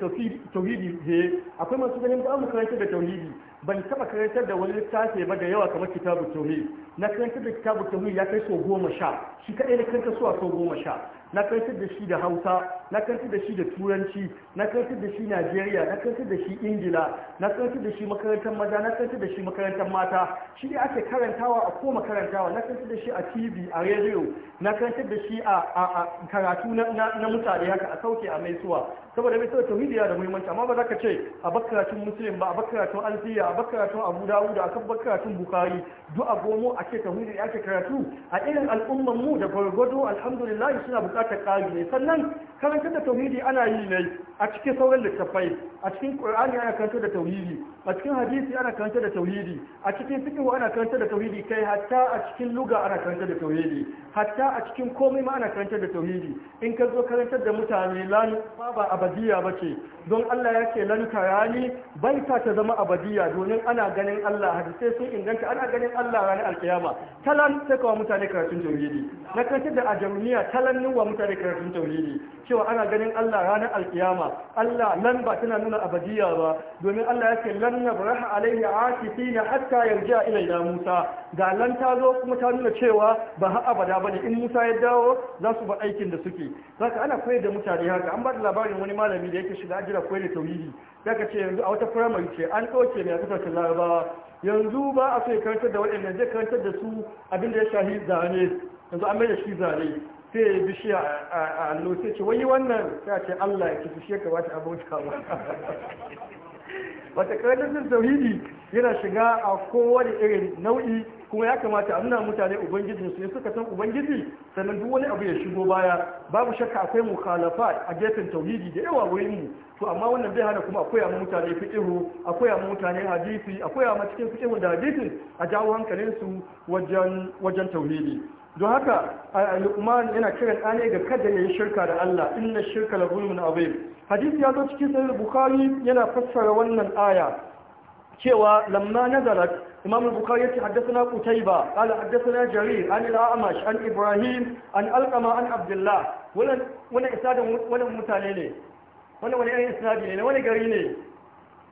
tauhidi he akwai masu ganin ba mu karantar da tauhidi ban taba karantar da wani littafi ba da yawa kamar kitabu tauhidi na karantar da kitabu tauhidi ya kai so goma sha shi kadai na karantar suwa so goma sha na karfi da shi da hausa na karfi da shi da turanci na karfi da shi najeriya na karfi da shi ingila na karfi da shi makarantar maza na karfi da shi makarantar mata shi ne ake karantawa a koma karantawa na karfi da shi a tv a rediyo na karfi da shi a karatu na mutane haka a sauke a mai suwa saboda mai sauke tauhidi yana da muhimmanci amma ba za ka ce a bakaratun musulun ba a bakaratun alfiya a bakaratun abu da a kan bakaratun bukari duk a gomo a ce tauhidi ake karatu a irin al'ummar mu da gwargwado alhamdulillah suna bukatar ta ne sannan karantar da tauhidi ana yi ne a cikin sauran littattafai a cikin qur'ani ana karantar da tauhidi a cikin hadisi ana karantar da tauhidi a cikin fiqh ana karantar da tauhidi kai hatta a cikin luga ana karantar da tauhidi hatta a cikin komai ma ana karantar da tauhidi in ka zo karantar da mutane lan ba abadiya bace don Allah yake lan tarani bai ta ta zama abadiya domin ana ganin Allah sai sun inganta ana ganin Allah ranar alkiyama talan sai kawo mutane karatun tauhidi na karantar da ajamiya talannin wa mutane karatun tauhidi cewa ana ganin Allah ranar alkiyama Allah nan ba tana nuna abadiya ba domin Allah ya ce lan nabraha alaihi akifina hatta yarja ila Musa ga lan ta zo kuma ta nuna cewa ba har abada bane in Musa ya dawo za su ba aikin da suke zaka ana koyar da mutane haka an ba da labarin wani malami da yake shiga ajira koyar da tauhidi zaka ce yanzu a wata firamare ce an ɗauke mai a kasashen yanzu ba a so ya karantar da waɗannan zai karantar da su abin da ya shahi zane yanzu an mai da shi zane sai bishiya a allo sai ce wani wannan ta ce Allah ya kifi shi ya a bauta ba wata tauhidi yana shiga a kowane irin nau'i kuma ya kamata a nuna mutane ubangijin su suka san ubangiji sannan duk wani abu ya shigo baya babu shakka akwai mukhalafa a gefen tauhidi da yawa wurin mu to amma wannan bai hana kuma akwai amma mutane fiqhu akwai amma mutane hadisi akwai amma cikin fiqhu da hadisi a jawo hankalin su wajen wajen tauhidi don haka Al'umman yana kiran ɗane ga kada ya yi shirka da Allah inna shirka da zulmun azim hadisi ya zo cikin sahih bukhari yana fassara wannan aya cewa lamma nazarat imam bukhari yace haddathana qutayba qala haddathana jarir an al-a'mash an ibrahim an alqama an abdullah wannan wannan isadan mutane ne wannan wani ayin isnadi ne wani gari ne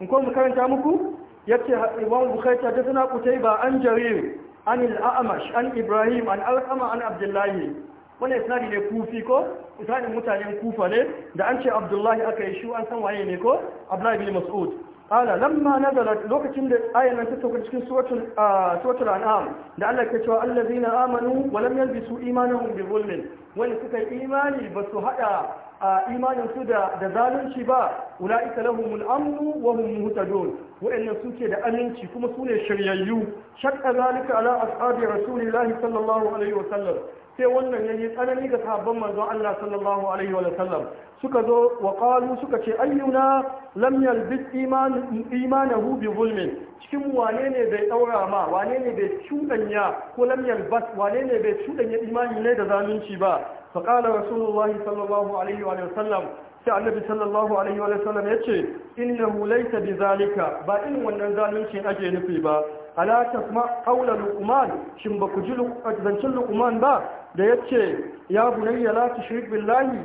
in ko mu karanta muku yace imam bukhari haddathana ba, an jarir an al'amash an ibrahim an alkama an abdullahi wani isnadi ne kufi ko isnadin mutanen kufa ne da an ce abdullahi aka yi shi an san waye ne ko abdullahi bin mas'ud qala lamma nazalat lokacin da ayan nan ta sauka cikin suratul suratul an'am da Allah ke cewa allazina amanu wa lam yalbisu imanuhum bi zulmin wani suka yi imani ba su hada a imaninsu da da zalunci ba ula'ika lahumul amnu wa hum muhtadun wa'annan suke da aminci kuma su ne shiryayyu shakka zalika ala ashabi rasulillahi sallallahu alaihi wa sallam sai wannan yayi tsanani ga sahabban manzon Allah sallallahu alaihi wa sallam suka zo wa qalu suka ce ayyuna lam yalbis iman imanahu bi zulmin cikin wane ne bai daura ma wane ne bai cudanya ko lam yalbas wane ne bai cudanya imani ne da zalunci ba فقال رسول الله صلى الله عليه وسلم sai annabi sallallahu alaihi wa sallam yace innahu laysa bizalika ba in wannan zalunci ake nufi ba ala tasma qawla luqman shin ba ku ji zancin luqman ba da yace ya bunayya la tushrik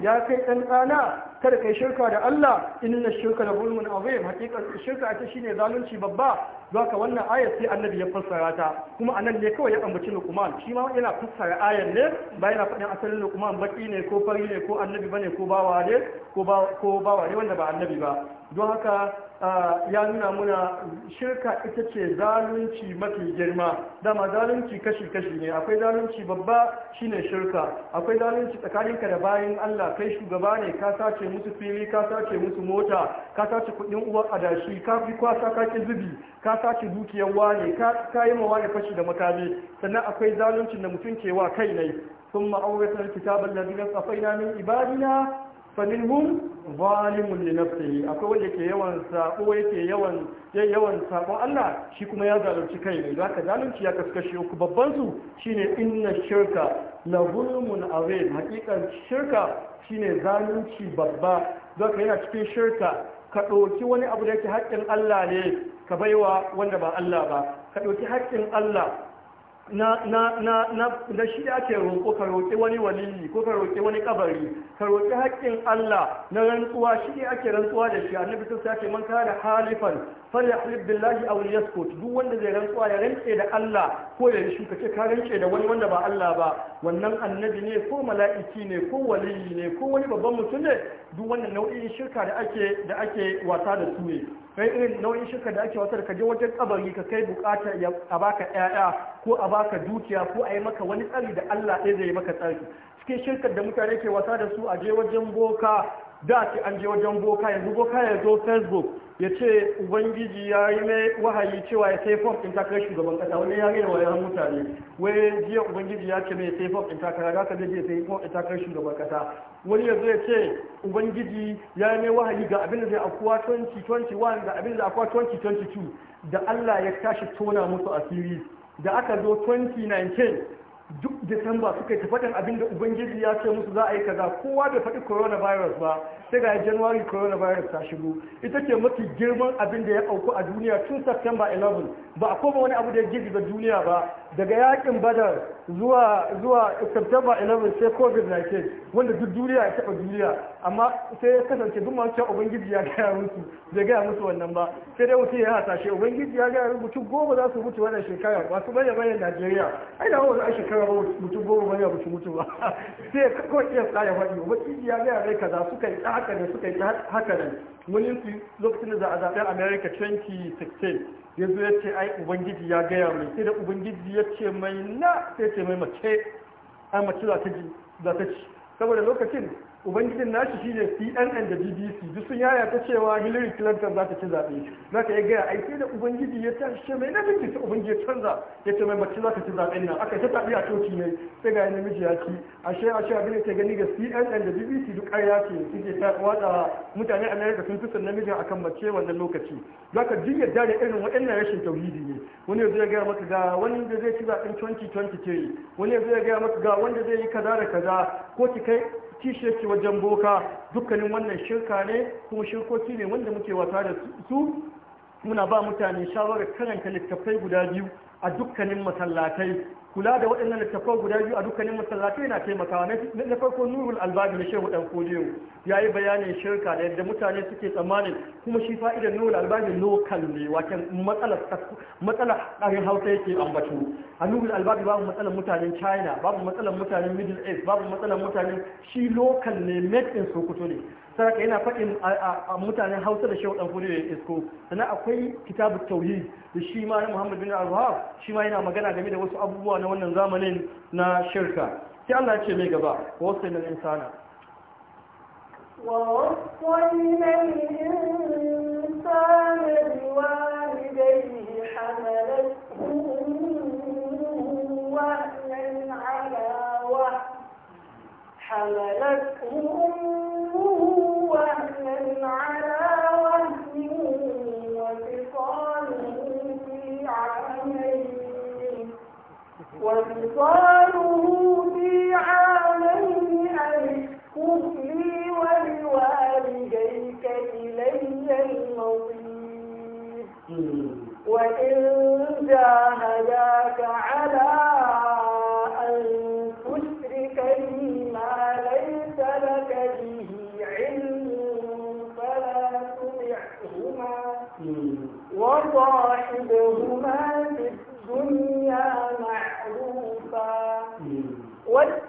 ya kai ɗan dana kada kai shirka da Allah inna shirka la zulmun azim hakika shirka ita shine zalunci babba zaka wannan ayar sai annabi ya fassara ta kuma anan ne kawai ya ambaci Luqman shi ma yana fassara ayar ne ba yana faɗin asalin Luqman baki ne ko fari ne ko annabi bane ko bawa ne ko bawa ne wanda ba annabi ba don haka ya nuna muna shirka ita ce zalunci mafi girma dama zalunci kashi-kashi ne akwai zalunci babba shine shirka akwai zalunci tsakaninka da bayan Allah kai shugaba ne ka sace musu fili ka sace musu mota ka sace kudin uwar adashi ka fi kwasa ka ki zubi ka sace dukiyar wane ka yi mawa ne fashi da makami sannan akwai zaluncin da mutum ke wa kai ne ثم أورثنا الكتاب الذي اصطفينا من عبادنا faminhum zalimun li nafsihi akwai wanda ke yawan sako yake yawan yawan sako Allah shi kuma ya zalunci kai ne zaka zalunci ya kaskashe ku babban su shine inna shirka la zulmun azim hakikan shirka shine zalunci babba zaka yana cikin shirka ka ɗauki wani abu da yake haƙƙin Allah ne ka baiwa wanda ba Allah ba ka ɗauki haƙƙin Allah na shi ake roƙo ka roƙi wani waliyi ko ka roƙi wani kabari ka roƙi haƙƙin Allah na rantsuwa shi ne ake rantsuwa da shi annabi sun sake man kana halifan fal yahlib billahi aw yaskut duk wanda zai rantsuwa ya rantse da Allah ko ya shi kace ka rantse da wani wanda ba Allah ba wannan annabi ne ko mala'iki ne ko waliyi ne ko wani babban mutum ne duk wannan nau'in shirka da ake da ake wasa da su ne kai irin nau'in shirka da ake wasa ka je wajen kabari ka kai bukata a baka ƴaƴa ko a baka dukiya ko a yi maka wani tsari da Allah ɗaya zai maka tsari cikin shirkar da mutane ke wasa da su a je wajen boka da ce an je wajen boka yanzu boka ya zo facebook ya ce ubangiji ya yi mai wahayi cewa ya sai fom ɗinta kai shugaban ƙasa wani ya gina wayan mutane wani jiya ubangiji ya ce mai sai fom ɗinta kai za ka sai fom ɗinta kai shugaban kasa wani ya zo ce ubangiji ya yi mai wahayi ga abin da zai akuwa 2021 ga abin da akuwa 2022 da allah ya tashi tona musu asiri da aka zo 2019 duk disamba suka yi tafaɗin abin da ubangiji ya ce musu za a yi kaza kowa bai faɗi coronavirus ba sai ga january coronavirus ta shigo ita ce mafi girman abin da ya auku a duniya tun september 11 ba a koma wani abu da ya girgiza duniya ba daga yakin badar zuwa zuwa september 11 sai covid-19 wanda duk duniya ya taba duniya amma sai ya kasance duk masu cewa ubangiji ya gaya musu bai gaya musu wannan ba sai dai mutum ya hasashe ubangiji ya gaya mutum goma za su mutu wannan shekara masu baya bayan najeriya ai da wani shekara mutum goma ya mutu mutu ba *laughs* sai ka kawai iya tsaya faɗi ubangiji ya gaya mai kaza suka yi haka ne suka yi haka ne wani lokacin da za a zaɓen america 2016 ya zo ya ce ai ubangiji ya gaya mai sai da ubangiji ya ce mai na sai ce mai mace ai mace za ta ci saboda lokacin ubangijin nashi shine CNN da BBC duk sun yaya ta cewa Hillary Clinton za ta ci zaɓe za ka iya gaya ai sai da ubangiji ya shi mai namiji ta ubangiji ya canza ya ce mai mace za ta ci zaɓe nan aka ta taɓi a coci ne sai ga namiji ya ci a a shi a gani ta gani ga CNN da BBC duk ƙarya ce ke ta watsa mutane America sun fi son a akan mace wannan lokaci za ka ji yadda da irin waɗannan rashin tauhidi ne wani yanzu ya gaya maka ga wani da zai ci zaɓen 2023 wani yanzu ya gaya maka ga wanda zai yi kaza da kaza ko ki kai kishi ki wajen boka dukkanin wannan shirka ne kuma shirkoki ne wanda muke wata da su muna ba mutane shawarar karanta littattafai guda biyu a dukkanin masallatai kula da waɗannan littattafai guda biyu a dukkanin masallatai na taimakawa na farko nurul albabi na shehu dan kojewu ya yi bayanin shirka da yadda mutane suke tsammanin kuma shi fa'idar nurul albabi lokal ne waken matsalar matsalar hausa yake ambatu a nurul albabi babu matsalar mutanen china babu matsalar mutanen middle east babu matsalar mutanen shi lokal ne made in sokoto ne saraka yana faɗin a mutanen hausa da shaudan fudu da isko sannan akwai kitabu tauhid da shi ma na Muhammadu bin al shi ma yana magana game da wasu abubuwa na wannan zamanin na shirka sai allah ce mai gaba wasu na insana حملته وفصاله في عامين أن اشكر لي ولوالديك إلي المصير وإن جاهداك على وصاحبهما في الدنيا معروفا واتبع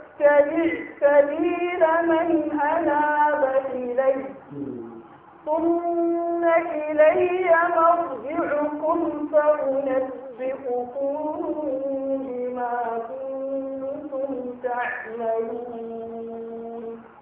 سبيل من أناب إلي ثم إلي مرجعكم فأنبئكم بما كنتم تعملون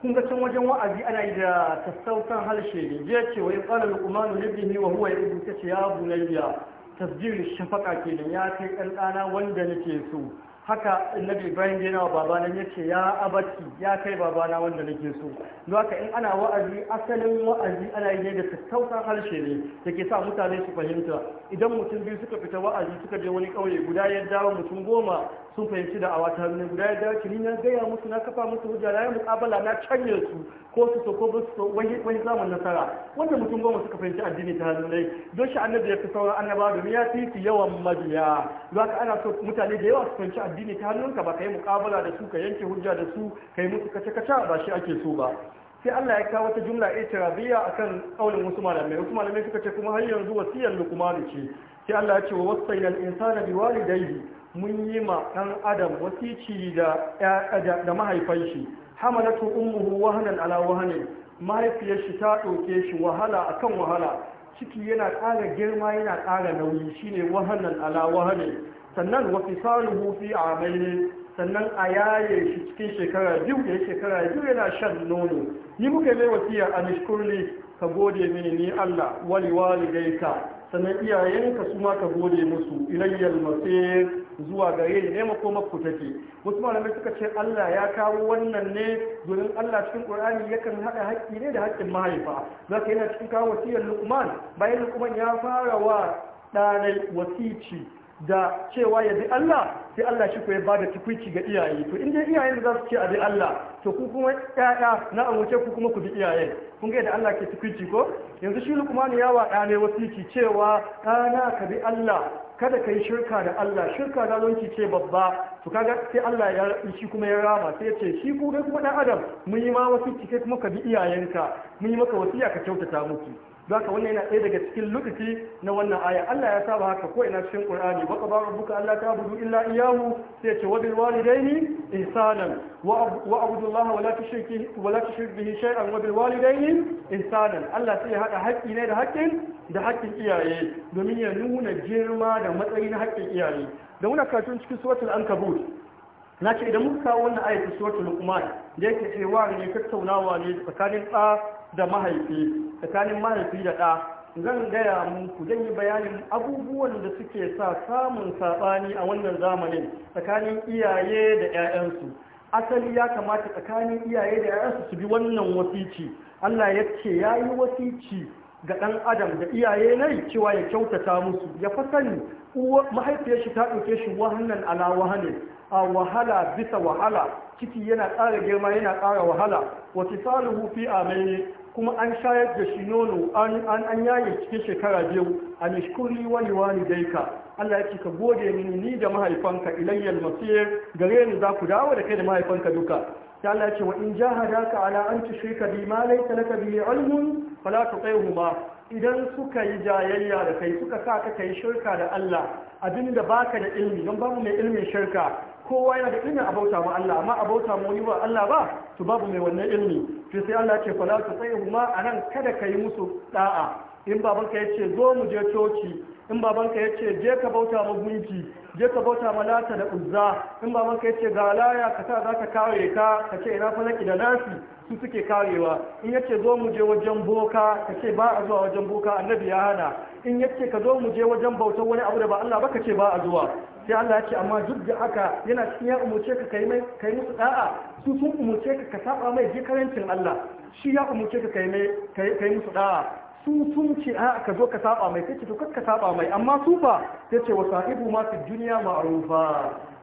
kun ga can wajen wa'azi ana yi da sassautan harshe. ne je ce wa yaqala luqman libnihi wa huwa yaqulu ce ya bunayya tasbir shafaka kenan ya kai dan wanda nake so haka annabi Ibrahim yana wa babana yace ya abati ya kai babana wanda nake so don haka in ana wa'azi asalin wa'azi ana yi ne da sassautan harshe ne yake sa mutane su fahimta idan mutum biyu suka fita wa'azi suka je wani kauye guda ya dawo mutum goma sun fahimci da awa ta ne guda ya dace ni na gaya musu na kafa musu hujja na yi muƙabala na canye su ko su so ko su so wani zamun nasara wanda mutum goma suka fahimci addini ta hannu ne don shi annabi ya fi sauran annabawa domin ya fi su yawan mabiya za ka ana so mutane da yawa su fahimci addini ta ka ba ka yi muƙabala da su ka yanke hujja da su ka yi musu kace-kace ba shi ake so ba sai Allah ya kawo wata jumla a akan kaulin wasu malamai wasu malamai suka ce kuma har yanzu wasiyar lukumanu ce sai Allah ya ce wa wasayyal insana biwalidayhi mun yi ma ɗan adam wasici da da mahaifan shi hamalatu ummuhu wahanan ala wahanin mahaifiyar shi ta ɗauke shi wahala akan wahala ciki yana ƙara girma yana ƙara nauyi shine wahanan ala wahanin sannan wa fisaluhu fi amaili sannan a yaye shi cikin shekara biyu da shekara biyu yana shan nono ni muka mai wasiya a nishkurli ka gode mini ni Allah wali walidaita sannan iyayenka su ma ka gode musu ilayyal masir zuwa gare ne ko maku take wasu malamai suka ce Allah ya kawo wannan ne domin Allah cikin Qur'ani yakan haɗa haƙƙi ne da haƙƙin mahaifa zaka yana cikin kawo wasiyar Luqman bayan Luqman ya fara wa ɗanai wasici da cewa ya bi Allah sai Allah shi ya bada tukuici ga iyaye to in dai iyayen da za su ce a bi Allah to ku kuma ƴaƴa na amince ku kuma ku bi iyayen kun ga da Allah ke tukuici ko yanzu shi ne ya wada ɗa ne wasiki cewa ɗana ka bi Allah kada ka yi shirka da Allah shirka da ce babba to kaga sai Allah ya shi kuma ya rama sai ya ce shi ku dai kuma ɗan adam mun yi ma wasiki kai kuma ka bi iyayenka mun yi maka wasiya ka kyautata muku don haka wannan yana ɗaya daga cikin lokaci na wannan aya Allah ya saba haka ko ina cikin Qur'ani wa qaba rabbuka alla ta'budu illa iyyahu sai ce wa bil walidaini ihsanan wa abudu Allah wa la wa la tushrik bihi shay'an wa bil walidaini ihsanan Allah sai ya hada haƙƙi ne da haƙƙin da haƙƙin iyaye domin ya nuna girma da matsayi na haƙƙin iyaye da muna karatun cikin suratul ankabut na ce idan muka kawo wannan ayatul suratul luqman da yake cewa ne tattaunawa ne tsakanin ɗa da mahaifi tsakanin mahaifi da ɗa zan gaya muku zan yi bayanin abubuwan da suke sa samun saɓani a wannan zamanin tsakanin iyaye da 'ya'yansu asali ya kamata tsakanin iyaye da 'ya'yansu su bi wannan wasici Allah ya ce ya yi wasici ga ɗan adam da iyaye nai cewa ya kyautata musu ya fa sani ta ɗauke shi wahannan ala wahane a wahala bisa wahala ciki yana ƙara girma yana ƙara wahala wasu saluhu fi amai kuma an shayar da shi nono an yaye cikin shekara biyu a nishkuri wani wani daika Allah ya ce ka gode mini ni da mahaifanka ilayyal masir gare ni za ku dawo da kai da mahaifanka duka sai Allah ya ce wa in jahadaka ala an tushrika bi ma laysa laka bihi ilmun fala tuṭihuma idan suka yi jayayya da kai suka sa ka kai shirka da Allah abinda baka da ilmi don babu mai ilmin shirka kowa yana da ilmin abauta ma Allah amma abauta mu wani ba Allah ba to babu mai wannan ilmi sai sai Allah ce fala ta sai huma anan kada ka yi musu da'a in babanka ya ce zo mu je coci in babanka ya ce je ka bauta ma gunki je ka bauta ma lata da uzza in babanka ya ce ga laya ka ta za ka kare ka ka ce ina falaki da nasi su suke karewa in ya zo mu je wajen boka ka ce ba a zuwa wajen boka annabi ya hana in ya ka zo mu je wajen bautar wani abu da ba Allah ba ka ce ba a zuwa sai Allah ya ce amma duk da haka yana cikin ya umurce ka kai mai kai musu da'a su sun umurce ka ka saba mai je karancin Allah shi ya umurce ka kai mai kai musu da'a su sun ce a ka zo ka saba mai sai to ka saba mai amma su fa sai ce wasaibu ma fi dunya ma'rufa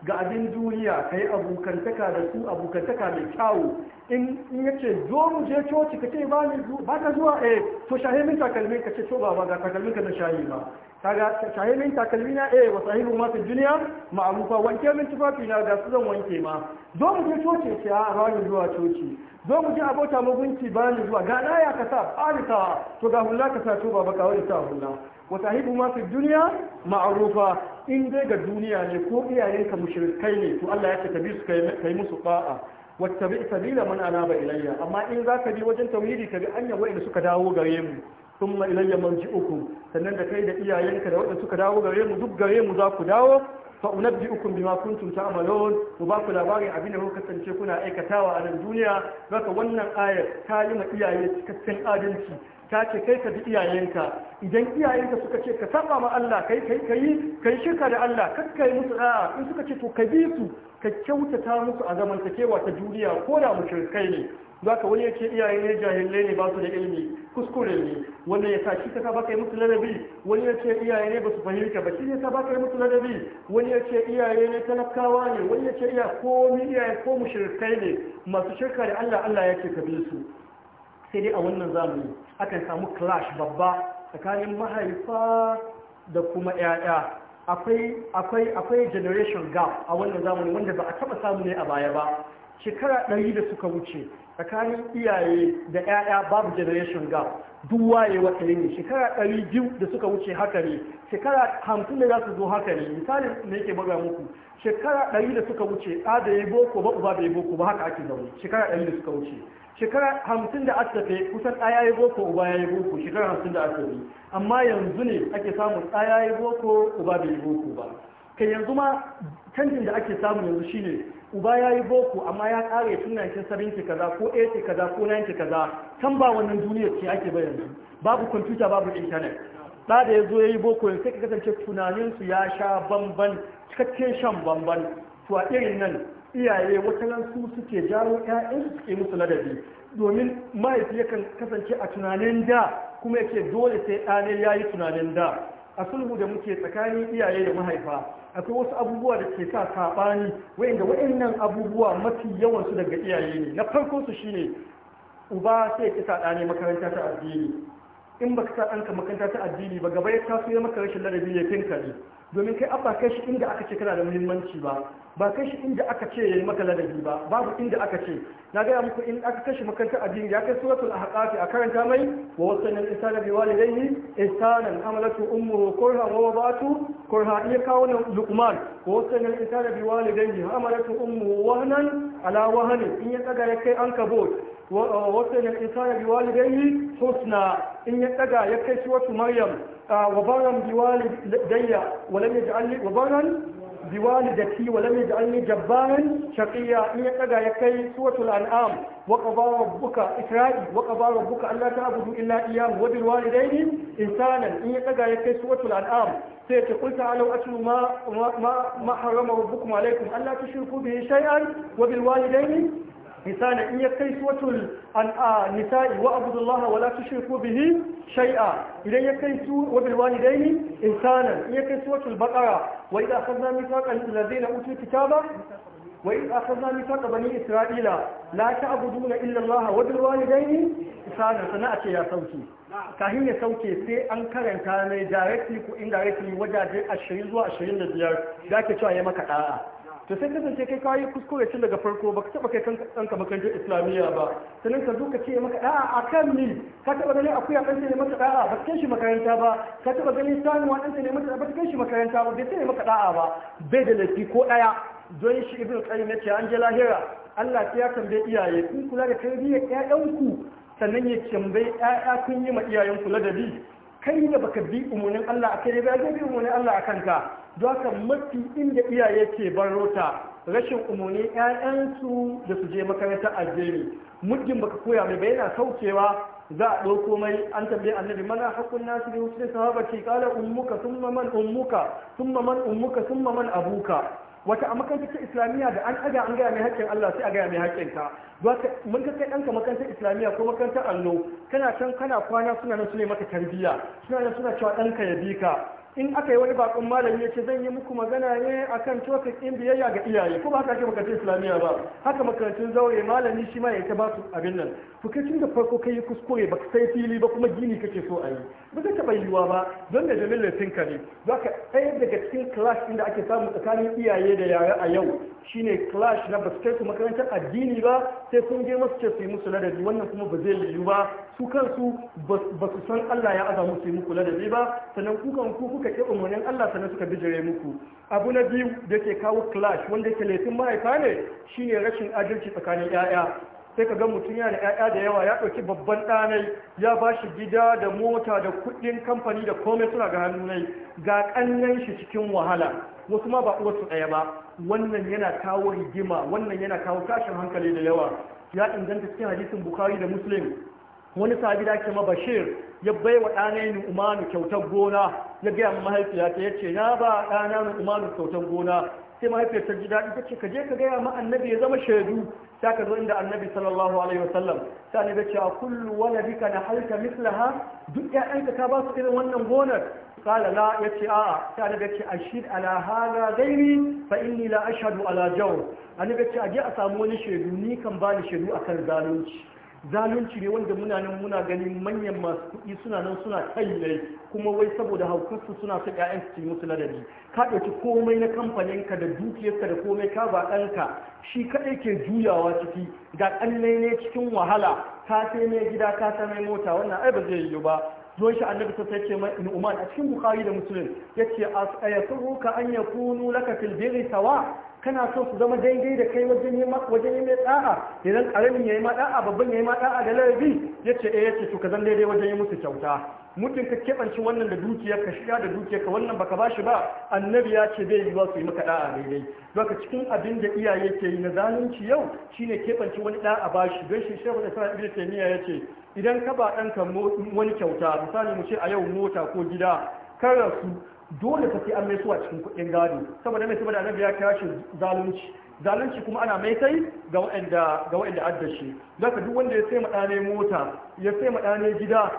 ga abin duniya kai abokantaka da su abokantaka mai kyawu in yace zo mu je coci ka ba ni ba ka zuwa eh to shahimin takalmin ka ce to baba ga takalmin ka na shayi ba kaga takalmi na eh wa sahibu ma duniya ma'rufa wanke min tufafi na ga su zan wanke ma zo mu je coci ce a ah, bani zuwa coci zo mu je abota mugunci bani zuwa ga daya ka sa arita to ga hulla ka sa to baba ka wani ta hulla wa sahibu ma fi duniya ma'rufa in dai ga duniya ne ko iyayenka mushrikai ne to Allah ya ce ka bi su kai musu ba'a tabi sabila man anaba ilayya amma in zaka bi wajen tauhidi ka bi anya wa'anda suka dawo gare mu sun ma ilayya uku sannan da kai da iyayenka da waɗanda suka dawo gare mu duk gare mu za ku dawo fa unabbi ukum bima kuntum ta'malun mu ba ku labarin abin da kuka kasance kuna aikatawa a nan duniya zaka wannan ayar ta yi ma iyaye cikakken adalci ta ce kai ka bi iyayenka idan iyayenka suka ce ka saba ma Allah kai kai kai kai shirka da Allah kakkai musu da'a in suka ce to ka bi su ka kyautata musu a zamantakewa ta duniya ko da mushrikai ne za ka wani ya ce iyaye ne jahilai ne ba su da ilimi kuskure ne Wannan ya sa shi ka ba ka yi musu ladabi wani ya ce iyaye ne ba su fahimta ba shi ne ta ba ka yi musu ladabi wani ya ce iyaye ne talakawa ne wani ya ce iya ko iyaye ko mushrikai ne masu shirka da Allah Allah ya ce ka bi su sai dai a wannan zamani akan samu clash babba tsakanin mahaifa da kuma 'ya'ya akwai generation gap a wannan zamani wanda ba a taba samu ne a baya ba shekara ɗari da suka wuce tsakanin iyaye da 'ya'ya babu generation gap duk waye wata ne shekara ɗari biyu da suka wuce haka ne shekara hamsin da za su zo haka ne misali ne ke baga muku shekara ɗari da suka wuce ɗa da ya boko ba uba da ya boko ba haka ake zaune shekara ɗari da suka wuce shekara hamsin da aka tafe kusan ɗaya ya boko uba ya yi boko shekara hamsin da aka asafe amma yanzu ne ake samun ɗaya ya boko uba bai yi boko ba kai yanzu ma canjin da ake samu yanzu shine uba ya yi boko amma ya ƙare tun 1970 kaza ko 80 kaza ko 90 kaza can ba wannan duniyar ce ake bayan yanzu babu kwamfuta babu intanet ɗa da ya zo ya yi boko yanzu sai ka kasance tunaninsu ya sha bamban cikakken shan bamban to a irin nan iyaye watalan su suke jawo ƴaƴansu suke musu ladabi domin mahaifi yakan kasance a tunanin da kuma yake dole sai ɗanai ya yi tunanin da a sulhu da muke tsakanin iyaye da mahaifa akwai wasu abubuwa da ke sa saɓani wayanda wayannan abubuwa mafi yawan su daga iyaye ne na farko su shine uba sai ki sa ɗane makaranta ta addini in ba ka sa ɗanka makaranta ta addini ba gaba ya taso maka rashin ladabi ya finka ne domin kai abba kai shi inda aka ce kana da muhimmanci ba ba kai shi inda aka ce ya yayi maka ladabi ba babu inda aka ce na gaya muku in aka kashe makaranta addini ya kai suratul ahqaf a karanta mai wa wasana al insana bi walidayhi ihsanan hamalatu ummuhu kurha wa wadatu kurha iya kawo nan luqman wa wasana al insana bi walidayhi hamalatu ummuhu wahnan ala wahnin in ya tsaga ya kai ankabut wa uh, wasana al insana bi walidayhi husna in ya tsaga ya kai suratul maryam uh, wa baram bi walidayya wa lam yaj'al wa baram biwalidati wa lam yaj'alni jabbaran shaqiya in ya kaga ya kai suratul an'am wa qada rabbuka isra'i wa qada rabbuka alla ta'budu illa iyyahu wa bil walidayni insanan in ya kaga ya kai suratul an'am sai ta kulta ta'alu atlu ma ma ma harama rabbukum alaykum alla tushriku bihi shay'an wa bil walidayni misali in ya kai suratul nisa'i wa abudullaha wala tushriku bihi shay'a idan ya kai su wa bil walidaini insanan in ya kai suratul baqara wa idza akhadna mithaqal ladzina utul kitaba وإذ أخذنا ميثاق بني إسرائيل لا تعبدون إلا الله وبالوالدين إحسانا سنأتي يا صوتي kahin ya sauke sai an karanta mai directly ko indirectly wajaje 20 zuwa 25 da ke cewa ya maka da'a to sai kasance kai kayi kuskure tun daga farko baka taba kai kanka makarantar islamiyya ba sannan ka zo ka ce maka da'a akan ni ka taba ganin akuya dan ne mata da'a ba kai shi makaranta ba ka taba ganin sanuwa dan ne mata ba kai shi makaranta ba bai ne maka da'a ba bai da laifi ko daya don shi ibn qayyim ya ce an je lahira Allah ya tambaye iyaye kun kula da tarbiyyar ku sannan ya tambaye ƴaƴa kun yi ma iyayen ku ladabi kai ne baka bi umarnin Allah akai ba ga bi umarnin Allah akan haka mafi inda iyaye ke barota rashin umarni 'ya'yansu da su je a jere muddin baka koya mai yana saukewa za a ɗauko mai an tambaye annabi mana hakun nasu da wasu sahaba ce kala ummuka summa man ummuka summa man ummuka summa man abuka wata a makarantar islamiyya da an aga an gaya mai haƙƙin Allah sai a gaya mai haƙƙin ka mun kai ɗanka makarantar islamiyya ko makarantar allo kana can kana kwana suna nan su ne maka tarbiyya suna nan suna cewa ɗanka ya bi ka in aka yi wani bakon malami ya ce zan yi muku magana ne akan tokin in biyayya ga iyaye ko ba haka ake makarantar islamiyya ba haka makarantun zaure malami shi ma ya ta ba su abin nan to kai tun da farko kai yi kuskure baka sai fili ba kuma gini kake so a yi ba zai taɓa yiwuwa ba don da jami'in laifin ka ne za ka ɗaya daga cikin clash inda ake samu tsakanin iyaye da yara a yau shine clash na basu kai su makarantar addini ba sai sun je masu ce su yi musu ladabi wannan kuma ba zai yiwu ba su kansu ba su san Allah ya aza musu yi muku ladabi ba sannan kukan ku kuka ƙi umarnin Allah sannan suka bijire muku abu na biyu da ke kawo clash wanda ke laifin mahaifa ne shine rashin adalci tsakanin 'ya'ya sai ka ga mutum yana da 'ya'ya da yawa ya ɗauki babban ɗanai ya ba shi gida da mota da kuɗin kamfani da komai suna ga hannunai ga ƙannan shi cikin wahala wasu ma ba uwarsu ɗaya ba wannan yana kawo rigima wannan yana kawo tashin hankali da yawa ya inganta cikin hadisin bukari da muslim wani sahabi da ake ma bashir ya bai wa ɗanai Umaru kyautar gona ya gaya ma ya ce na ba ɗana Umaru kyautar gona sai mahaifiyar ta ji daɗi ta ce ka je ka gaya ma annabi ya zama shaidu ta ka zo inda annabi sallallahu alaihi wasallam ta annabi ce a kullu waladika na halka mislaha duk ƴaƴanka ka ba su irin wannan gonar qala la ce a'a ta annabi ce ashid ala hada ghairi fa inni la ashhadu ala jawr annabi ce a je a samu wani shaidu ni kan ba ni shaidu akan zalunci zalunci ne wanda muna nan muna ganin manyan masu kuɗi suna nan suna kai ne kuma wai saboda haukunsu suna sa ƴaƴan su yi musu ladabi ka ɗauki komai na kamfanin ka da dukiyarka da komai ka ba ɗanka shi kaɗai ke juyawa ciki ga ƙannai ne cikin wahala ka sai mai gida ka sai mai mota wannan ai ba zai yiwu ba zuwan shi annabi ta ce mai umar a cikin bukhari da muslim yace a yasurruka an yakunu laka fil sawa kana so su zama daidai da kai wajen yi wajen yi mai da'a idan karamin yayi ma da'a babban yayi ma da'a da larabi yace eh yace to ka zan daidai wajen yi musu kyauta mutum ka kebanci wannan da dukiyar ka shiga da dukiyar ka wannan baka bashi ba annabi ya ce bai yiwa su yi maka da'a daidai baka cikin abin da iyaye ke yi na zalunci yau shine kebanci wani da'a bashi don shi shehu da sa'a ibnu taymiya yace idan ka ba ɗanka wani kyauta misali mu ce a yau mota ko gida karar su dole ka sai an mai suwa cikin kuɗin gado saboda mai saboda annabi ya kira zalunci zalunci kuma ana mai kai ga waɗanda ga waɗanda addashi zaka duk wanda ya sai ma mota ya sai ma gida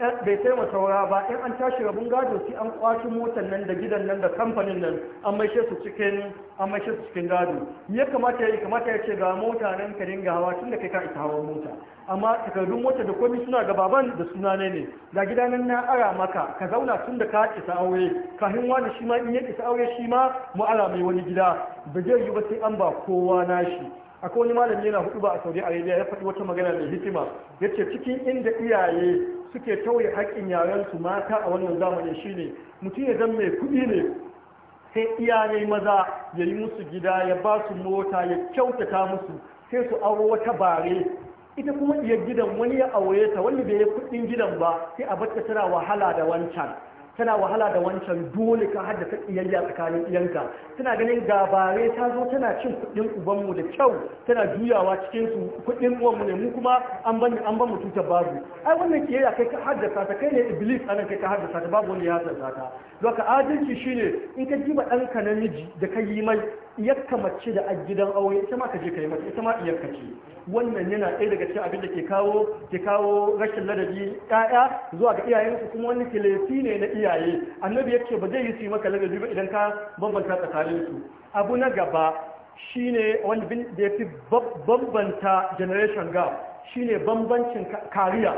bai sai saura ba in an tashi rabin gado sai an kwashi motar nan da gidan nan da kamfanin nan an maishe su cikin an maishe su cikin gado ya kamata ya kamata ya ce ga mota nan ka dinga hawa tun da kai ka isa hawan mota amma takardun mota da komai suna ga baban da suna ne ne ga gida nan na ara maka ka zauna tun da ka isa aure kafin wani shi ma in ya isa aure shi ma mu ala mai wani gida ba zai yi ba sai an ba kowa nashi akwai wani malami yana hudu ba a saudi arabia ya faɗi wata magana mai hikima ya ce cikin inda iyaye suke tauye haƙƙin su mata a wannan zamanin shine mutum ya zan mai kuɗi ne sai iyaye maza ya yi musu gida ya ba su mota ya kyautata musu sai su aro wata bare ita kuma iya gidan wani ya aure ta wani bai yi kuɗin gidan ba sai a bata tana wahala da wancan tana wahala da wancan dole ka haddasa ƙiyayya tsakanin iyanka tana ganin gabare ta zo tana cin kuɗin ubanmu da kyau tana juyawa cikin su kuɗin uwanmu ne mu kuma an ban an ban mu tutar babu ai wannan kiyayya kai ka haddasa ta kai ne iblis anan kai ka haddasa ta babu wanda ya haddasa ta doka adalci shine in ka jiba ɗanka miji da ka yi mai iyakka mace da a gidan aure ita ma ka je ka yi mace, ita ma iyakka ce wannan yana ɗaya daga cikin abin da ke kawo ke kawo rashin ladabi ƴaƴa zuwa ga iyayen su kuma wani kilefi ne na iyaye annabi ya ce ba zai yi su maka ladabi ba idan ka bambanta tsakanin su abu na gaba shine wani bin da ya fi bambanta generation gap shine bambancin kariya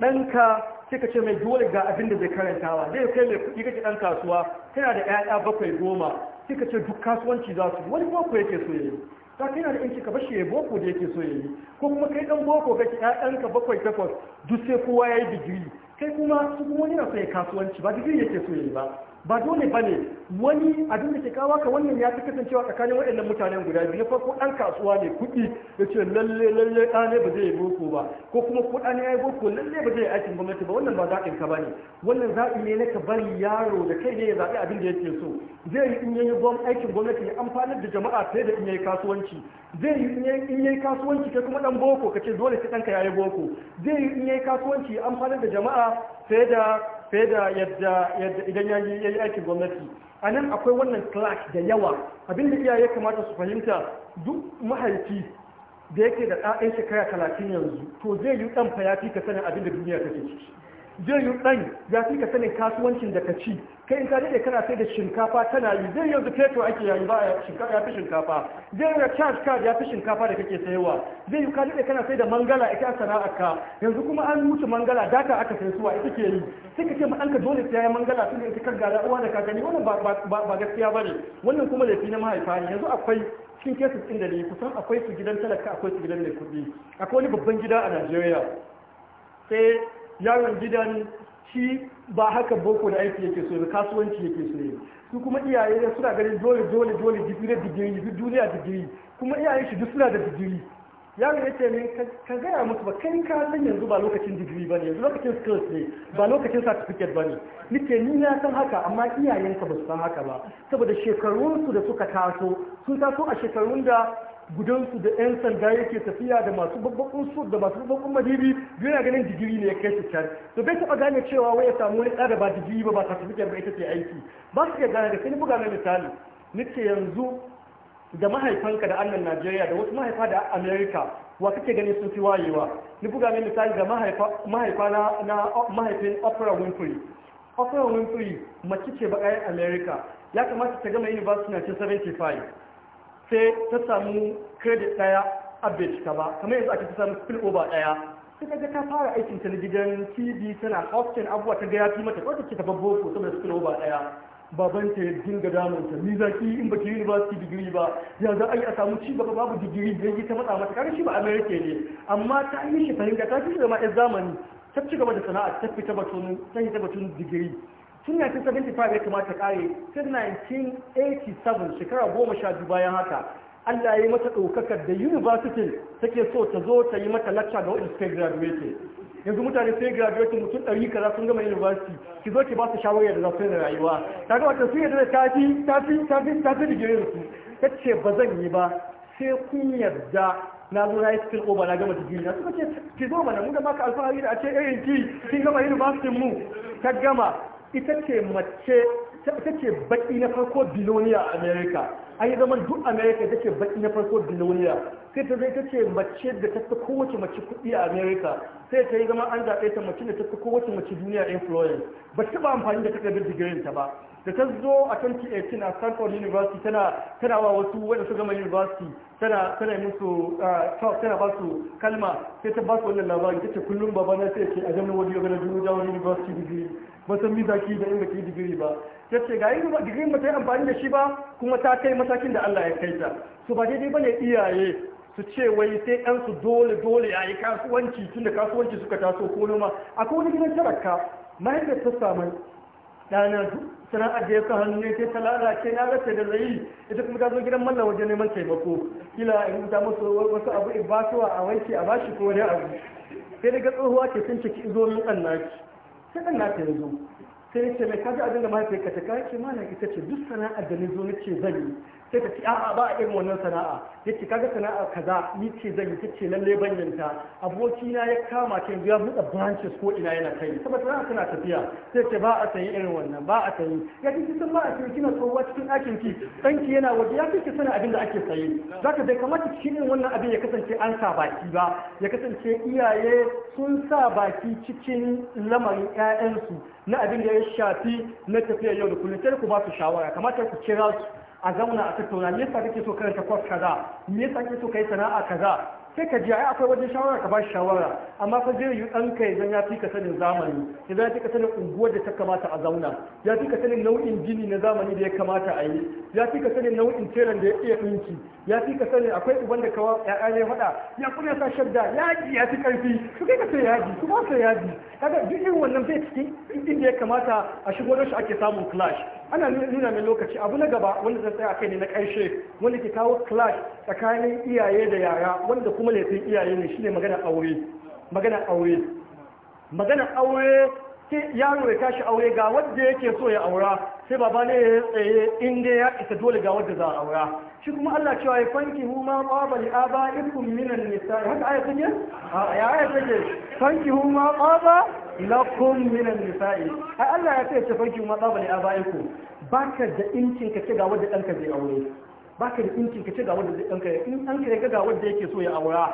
ɗanka sai ka ce mai duwar ga abin da zai karantawa zai kai mai kuɗi kake ɗan kasuwa tana da 'ya'ya bakwai goma sai ka ce duk kasuwanci za su wani boko yake so yayi ta kana da yanci ka bashi ya boko da yake so yayi ko kuma kai ɗan boko kake ƴaƴanka bakwai takwas duk sai kowa yayi digiri kai kuma su kuma wani na so ya kasuwanci ba digiri yake so yayi ba ba dole ba ne wani abin da ke kawo ka wannan ya fi kasancewa tsakanin waɗannan mutanen guda biyu farko ɗan kasuwa ne kuɗi ya ce lalle lalle ɗane ba zai yi boko ba ko kuma ko ne ya yi boko lalle ba zai yi aikin gwamnati ba wannan ba zaɓin ka ne wannan zaɓi ne na ka bari yaro da kai ne ya zaɓi abin da yake so zai yi in yayi aikin gwamnati ya amfanar da jama'a sai da in yayi kasuwanci zai yi in yayi kasuwanci kai kuma ɗan boko kace dole sai ɗanka ya yi boko zai yi in yayi kasuwanci ya amfanar da jama'a sai da fiye da yadda idan ya yi aikin gwamnati a nan akwai wannan clash da yawa abin da iyaye kamata su fahimta duk mahaifi da yake da ɗa'yan shekara talatin yanzu to zai yi ɗan fa ya fi ka sanin abin da duniya ta take ciki zai yi ɗan ya fi ka sanin kasuwancin da ka ci kai in ka daɗe kana sai da shinkafa tana yi zai yanzu fetur ake yayi ba ya fi shinkafa zai ya charge card ya fi shinkafa da kake sayowa zai yi ka daɗe kana sai da mangala ita a sana'ar ka yanzu kuma an mutu mangala data aka sai suwa ita ke yi sai ka ce ma ɗanka dole sai ya mangala tun da ita kan gara uwa da kakanni wannan ba gaskiya ba ne wannan kuma laifi na mahaifa ne yanzu akwai cikin kesis ɗin da ne kusan akwai su gidan talaka akwai su gidan mai kuɗi akwai wani babban gida a najeriya sai yaron gidan shi ba haka boko da aiki yake so da kasuwanci yake so yi su kuma iyaye suna ganin dole dole dole digiri digiri duk duniya digiri kuma iyaye shi duk suna da digiri yaro ya ce ne ka gaya musu ba kai ka san yanzu ba lokacin digiri ba ne yanzu lokacin skills ne ba lokacin satifiket ba ne nike ni na san haka amma iyayenka ba su san haka ba saboda shekarunsu da suka taso sun taso a shekarun da gudansu da 'yan sanda yake tafiya da masu babban su da masu babban madibi yana ganin digiri ne ya kai su can to bai taba gane cewa wai ya samu wani tsada ba digiri ba ba tafiya ba ita ce aiki ba su iya gane da sai buga na misali nake yanzu da mahaifanka da annan Najeriya da wasu mahaifa da Amerika wa kake ganin sun fi wayewa ni buga na misali da mahaifa na mahaifin Oprah Winfrey Oprah Winfrey mace ce baƙayen Amerika ya kamata ta gama su na 75 sai ta samu credit daya a bincika ba kamar yanzu ake ta samu spill over daya sai kaga ta fara aikin ta na gidan tv tana hosting abubuwa ta gaya fi mata ce ta babbo boko saboda spill over daya baban ta ya dinga damun ta ni zaki in baki university degree ba ya za a yi a samu ci gaba babu digiri da yi ta matsa mata kaga shi ba america ne amma ta yi shi fahimta ta fi zama yan zamani ta ci gaba da sana'a ta fita batun ta batun digiri 1975 ya kamata kare tun 1987 shekara goma sha biyu bayan haka Allah ya yi mata ɗaukakar da university take so ta zo ta yi mata lacca ga wadda suka graduate yanzu mutane sai graduate mutum ɗari kaza sun gama university ki zo ki ba su shawarar da za su rayuwa ta ga wata sun yi da tafi tafi tafi tafi da gire su ta ce ba zan yi ba sai kun yarda na zo na yi skill over na gama digiri na suka ce ki zo mana mu da maka alfahari da a ce irin ki kin gama university mu ta gama ita ce mace ita ce baki na farko biloniya a amerika a yi zaman duk amerika ita ce baki na farko biloniya sai ta zai ta ce mace da ta fi kowace mace kudi a amerika sai ta yi zama an zaɓe ta mace da ta fi kowace mace duniya influence ba ta ba amfani da takardar digirin ta ba da ta zo a 2018 a stanford university tana tana wa wasu wanda su gama university tana tana musu uh, talk tana ba su kalma sai ta ba su wannan labari ta ce kullum baba na sai ce a jami'in wani yau gana juru jawon university degree ba san mi zaki da inda ke digiri ba ta ce ga yin digiri ba ta yi amfani da shi ba kuma ta kai matakin da Allah ya kai ta so ba daidai ne iyaye su ce wai sai su dole dole a yi kasuwanci tun da kasuwanci suka taso ko noma akwai wani gidan tarakka mahaifiyar ta samu ɗana sana'ar ya ka hannu ne sai ta lalace na rasa da zai ita kuma ta zo gidan mallan waje neman taimako kila in ta musu wasu abu in basuwa a wanke a bashi ko wani abu sai daga tsohuwa ke sun ciki zo min ɗan naki sai dan naki ya zo sai ce mai kaji abin da mahaifiyarka ta kace mana ita ce duk sana'ar da ni zo ni ce zan yi sai ta ci a'a ba a irin wannan sana'a ya ce kaga sana'a kaza ni ce zai yi tace lalle banyanta abokina ya kama ta yanzu ya buɗe branches ko ina yana kai saboda sana'a tana tafiya sai ce ba a sayi irin wannan ba a sayi ya ce ba a sayi kina tsohuwa cikin ɗakin ki ɗanki yana waje ya kike sana abin da ake sayi Za ka bai kamata cikin irin wannan abin ya kasance an sa baki ba ya kasance iyaye sun sa baki cikin lamarin 'ya'yansu na abin da ya shafi na tafiya yau da kullum sai ku ba su shawara kamata ku kira su a zauna a tattauna me yasa kake so karanta kwas kaza me yasa kake so kai sana'a kaza sai ka ji ai akwai wajen shawara ka ba shi shawara amma fa zai yi kai idan ya fi ka sanin zamani idan ya fi ka sanin unguwar da ta kamata a zauna ya fi ka sanin nau'in gini na zamani da ya kamata a yi ya fi ka sanin nau'in teran da ya iya ɗinki ya fi ka sanin akwai uban da kawo ya'ya ne faɗa ya kuna sa shadda yaji ya fi ƙarfi su kai ka sai yaji su ba sai yaji kaga duk irin wannan zai cikin inda ya kamata a shigo da shi ake samun clash ana nuna min lokaci abu na gaba wanda zai tsaya kai ne na ƙarshe wanda ke kawo clash tsakanin iyaye da yara wanda kuma laifin iyaye ne shine magana aure magana aure magana aure sai yaro ya tashi aure ga wanda yake so ya aura sai baba ne ya tsaye in dai ya isa dole ga wadda za a aura shi kuma Allah cewa ya fanki hu ma qaba li abaikum min an-nisa haka aya take ya aya take fanki hu ma qaba lakum minan an-nisa ai Allah ya ce ta fanki hu ma qaba li abaikum baka da incin ka ce ga wanda ɗanka zai aure baka da incin ka ce ga wanda zai danka in ɗanka ya ga wanda yake so ya aura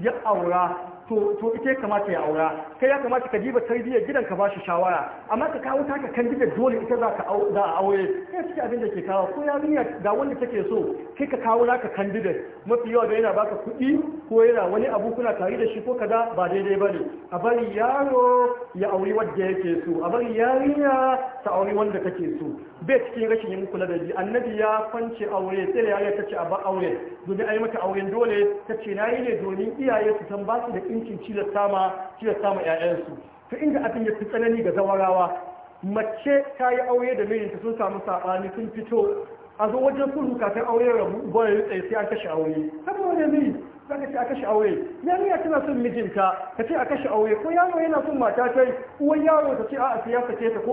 ya aura to ita ya kamata ya aura kai ya kamata ka diba tarbiyyar gidan ka shi shawara amma ka kawo taka kan gidan dole ita za ka za a aure kai suke abin da ke kawo ko yarinya da wanda take so kai ka kawo naka kan gidan mafi yawa da yana baka kuɗi ko yana wani abu kuna tare da shi ko kaza ba daidai bane a bari yaro ya auri wanda yake so a bari yarinya ta auri wanda take so bai cikin rashin yin kula da ji annabi ya kwance aure sai da yarinya ta ce a ba aure domin a yi mata auren dole ta ce na yi ne domin iyaye su san ba su da yankin cilasama ma cilasta ma inda abin ya fi tsanani ga zawarawa mace ta yi aure da mijinta sun samu saɓani sun fito a zo wajen sulhu kafin aure rabu uba ya tsaye sai an kashe aure Kada wani miji za ka ce a kashe aure yarinya tana son mijinta ka ce a kashe aure ko yaro yana son mata ta uwan yaro ta ce a'a sai ya sake ta ko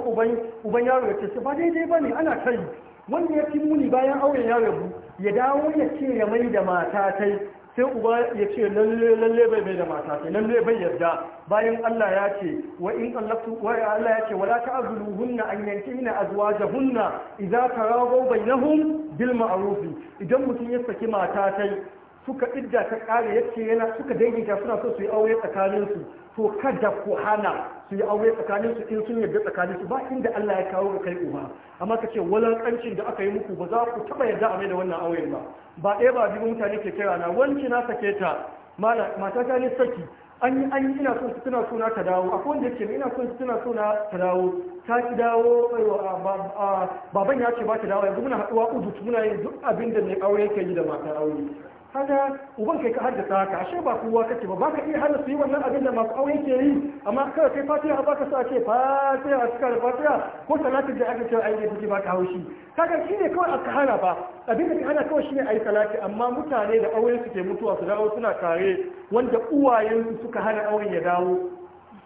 uban yaro ya ce ba daidai ba ne ana kai wanda ya fi muni bayan auren ya rabu ya dawo ya ce ya mai da mata ta sai uba ya ce lalle bai bai da mata lalle bai yarda bayan Allah ya ce wa in allatu wa Allah ya ce wala hunna an yankihna azwajahunna idza tarabu bainahum bil ma'ruf idan mutum ya saki mata tai suka idda ta kare yace yana suka daidaita suna so su yi aure tsakanin su to kada ku hana su yi aure tsakanin su in sun yarda tsakanin su ba inda Allah ya kawo kai uba amma kace walankancin da aka yi muku ba za ku taba yarda a mai da wannan auren ba ba ɗaya ba biyu mutane ke kira na wanci na sake ta mata ta ne saki an yi an ina son su tuna suna ta dawo akwai wanda yake ina so su tuna suna ta dawo ta ki dawo baban ya ce ba ta dawo yanzu muna haɗuwa uzu muna yin duk abin da mai aure ke yi da mata aure kaga uban kai ka haddasa ka ashe ba kowa kace ba baka iya hana su yi wannan abin da masu aure ke yi amma kawai kai fatiha baka sa ce fatiha a cikin fatiha ko salatin da aka ce ai ne kuke baka haushi kaga ne kawai aka hana ba abin da ka hana kawai shine ai salati amma mutane da auren su ke mutuwa su dawo suna kare wanda uwayensu su suka hana auren ya dawo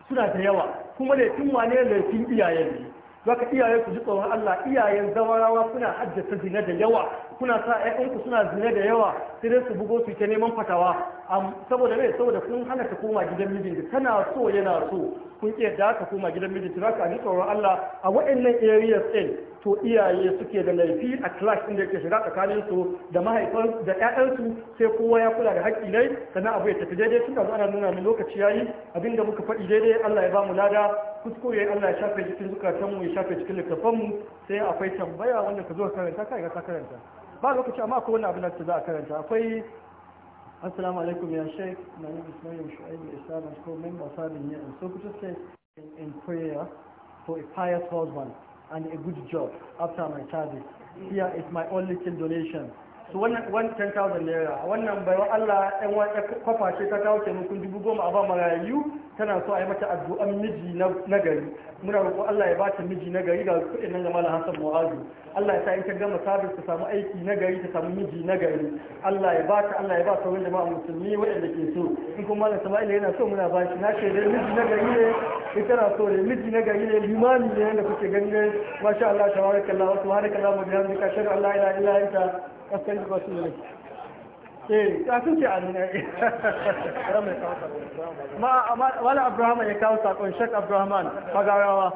suna da yawa kuma tun wane laifin iyayen ne zaka iyaye ku ji tsoron Allah iyayen zawarawa suna haddasa zina da yawa kuna sa ƴaƴanku suna zina da yawa sai dai su bugo su ta neman fatawa saboda me saboda kun hana ta koma gidan da tana so yana so kun ke da ka koma gidan za ka ji tsoron Allah a waɗannan areas din to iyaye suke da laifi a clash inda da yake shiga tsakanin su da mahaifan da ƴaƴansu sai kowa ya kula da haƙƙi ne sannan abu ya tafi daidai tun da ana nuna min lokaci yayi abinda muka faɗi daidai Allah ya ba mu lada kuskure Allah ya shafe cikin zukatanmu ya shafe cikin littafanmu sai akwai tambaya wanda ka zo ka karanta ka ka karanta ba lokaci amma akwai wani abin da za a karanta akwai assalamu alaikum ya sheikh my name is Maryam Shu'aib Islam and co-member of Sabin here in Sokoto State in prayer for a pious husband and a good job after my service here is my only donation su wannan 10,000 naira wannan wa Allah ɗan wata kwafa ce ta kawo taimakon dubu goma a ba marayu tana so a yi mata addu'an miji na gari muna roƙo Allah ya ba ta miji na gari ga kuɗin nan gama na Hassan Mu'azu Allah ya sa in ta gama sabis ta samu aiki na gari ta samu miji na gari Allah ya ba ta Allah ya ba sauran jama'a musulmi waɗanda ke so in kuma Malam Sama'ila yana so muna ba shi na ce dai miji na gari ne in tana so ne miji na gari ne limani ne yadda kuke ganin masha Allah tabarakallah wa subhanakallah wa bihamdika ashhadu an la ila illa anta kaskan ba su ne eh ta sun ce a nuna wala abrahama ya kawo sakon shek abrahaman magarawa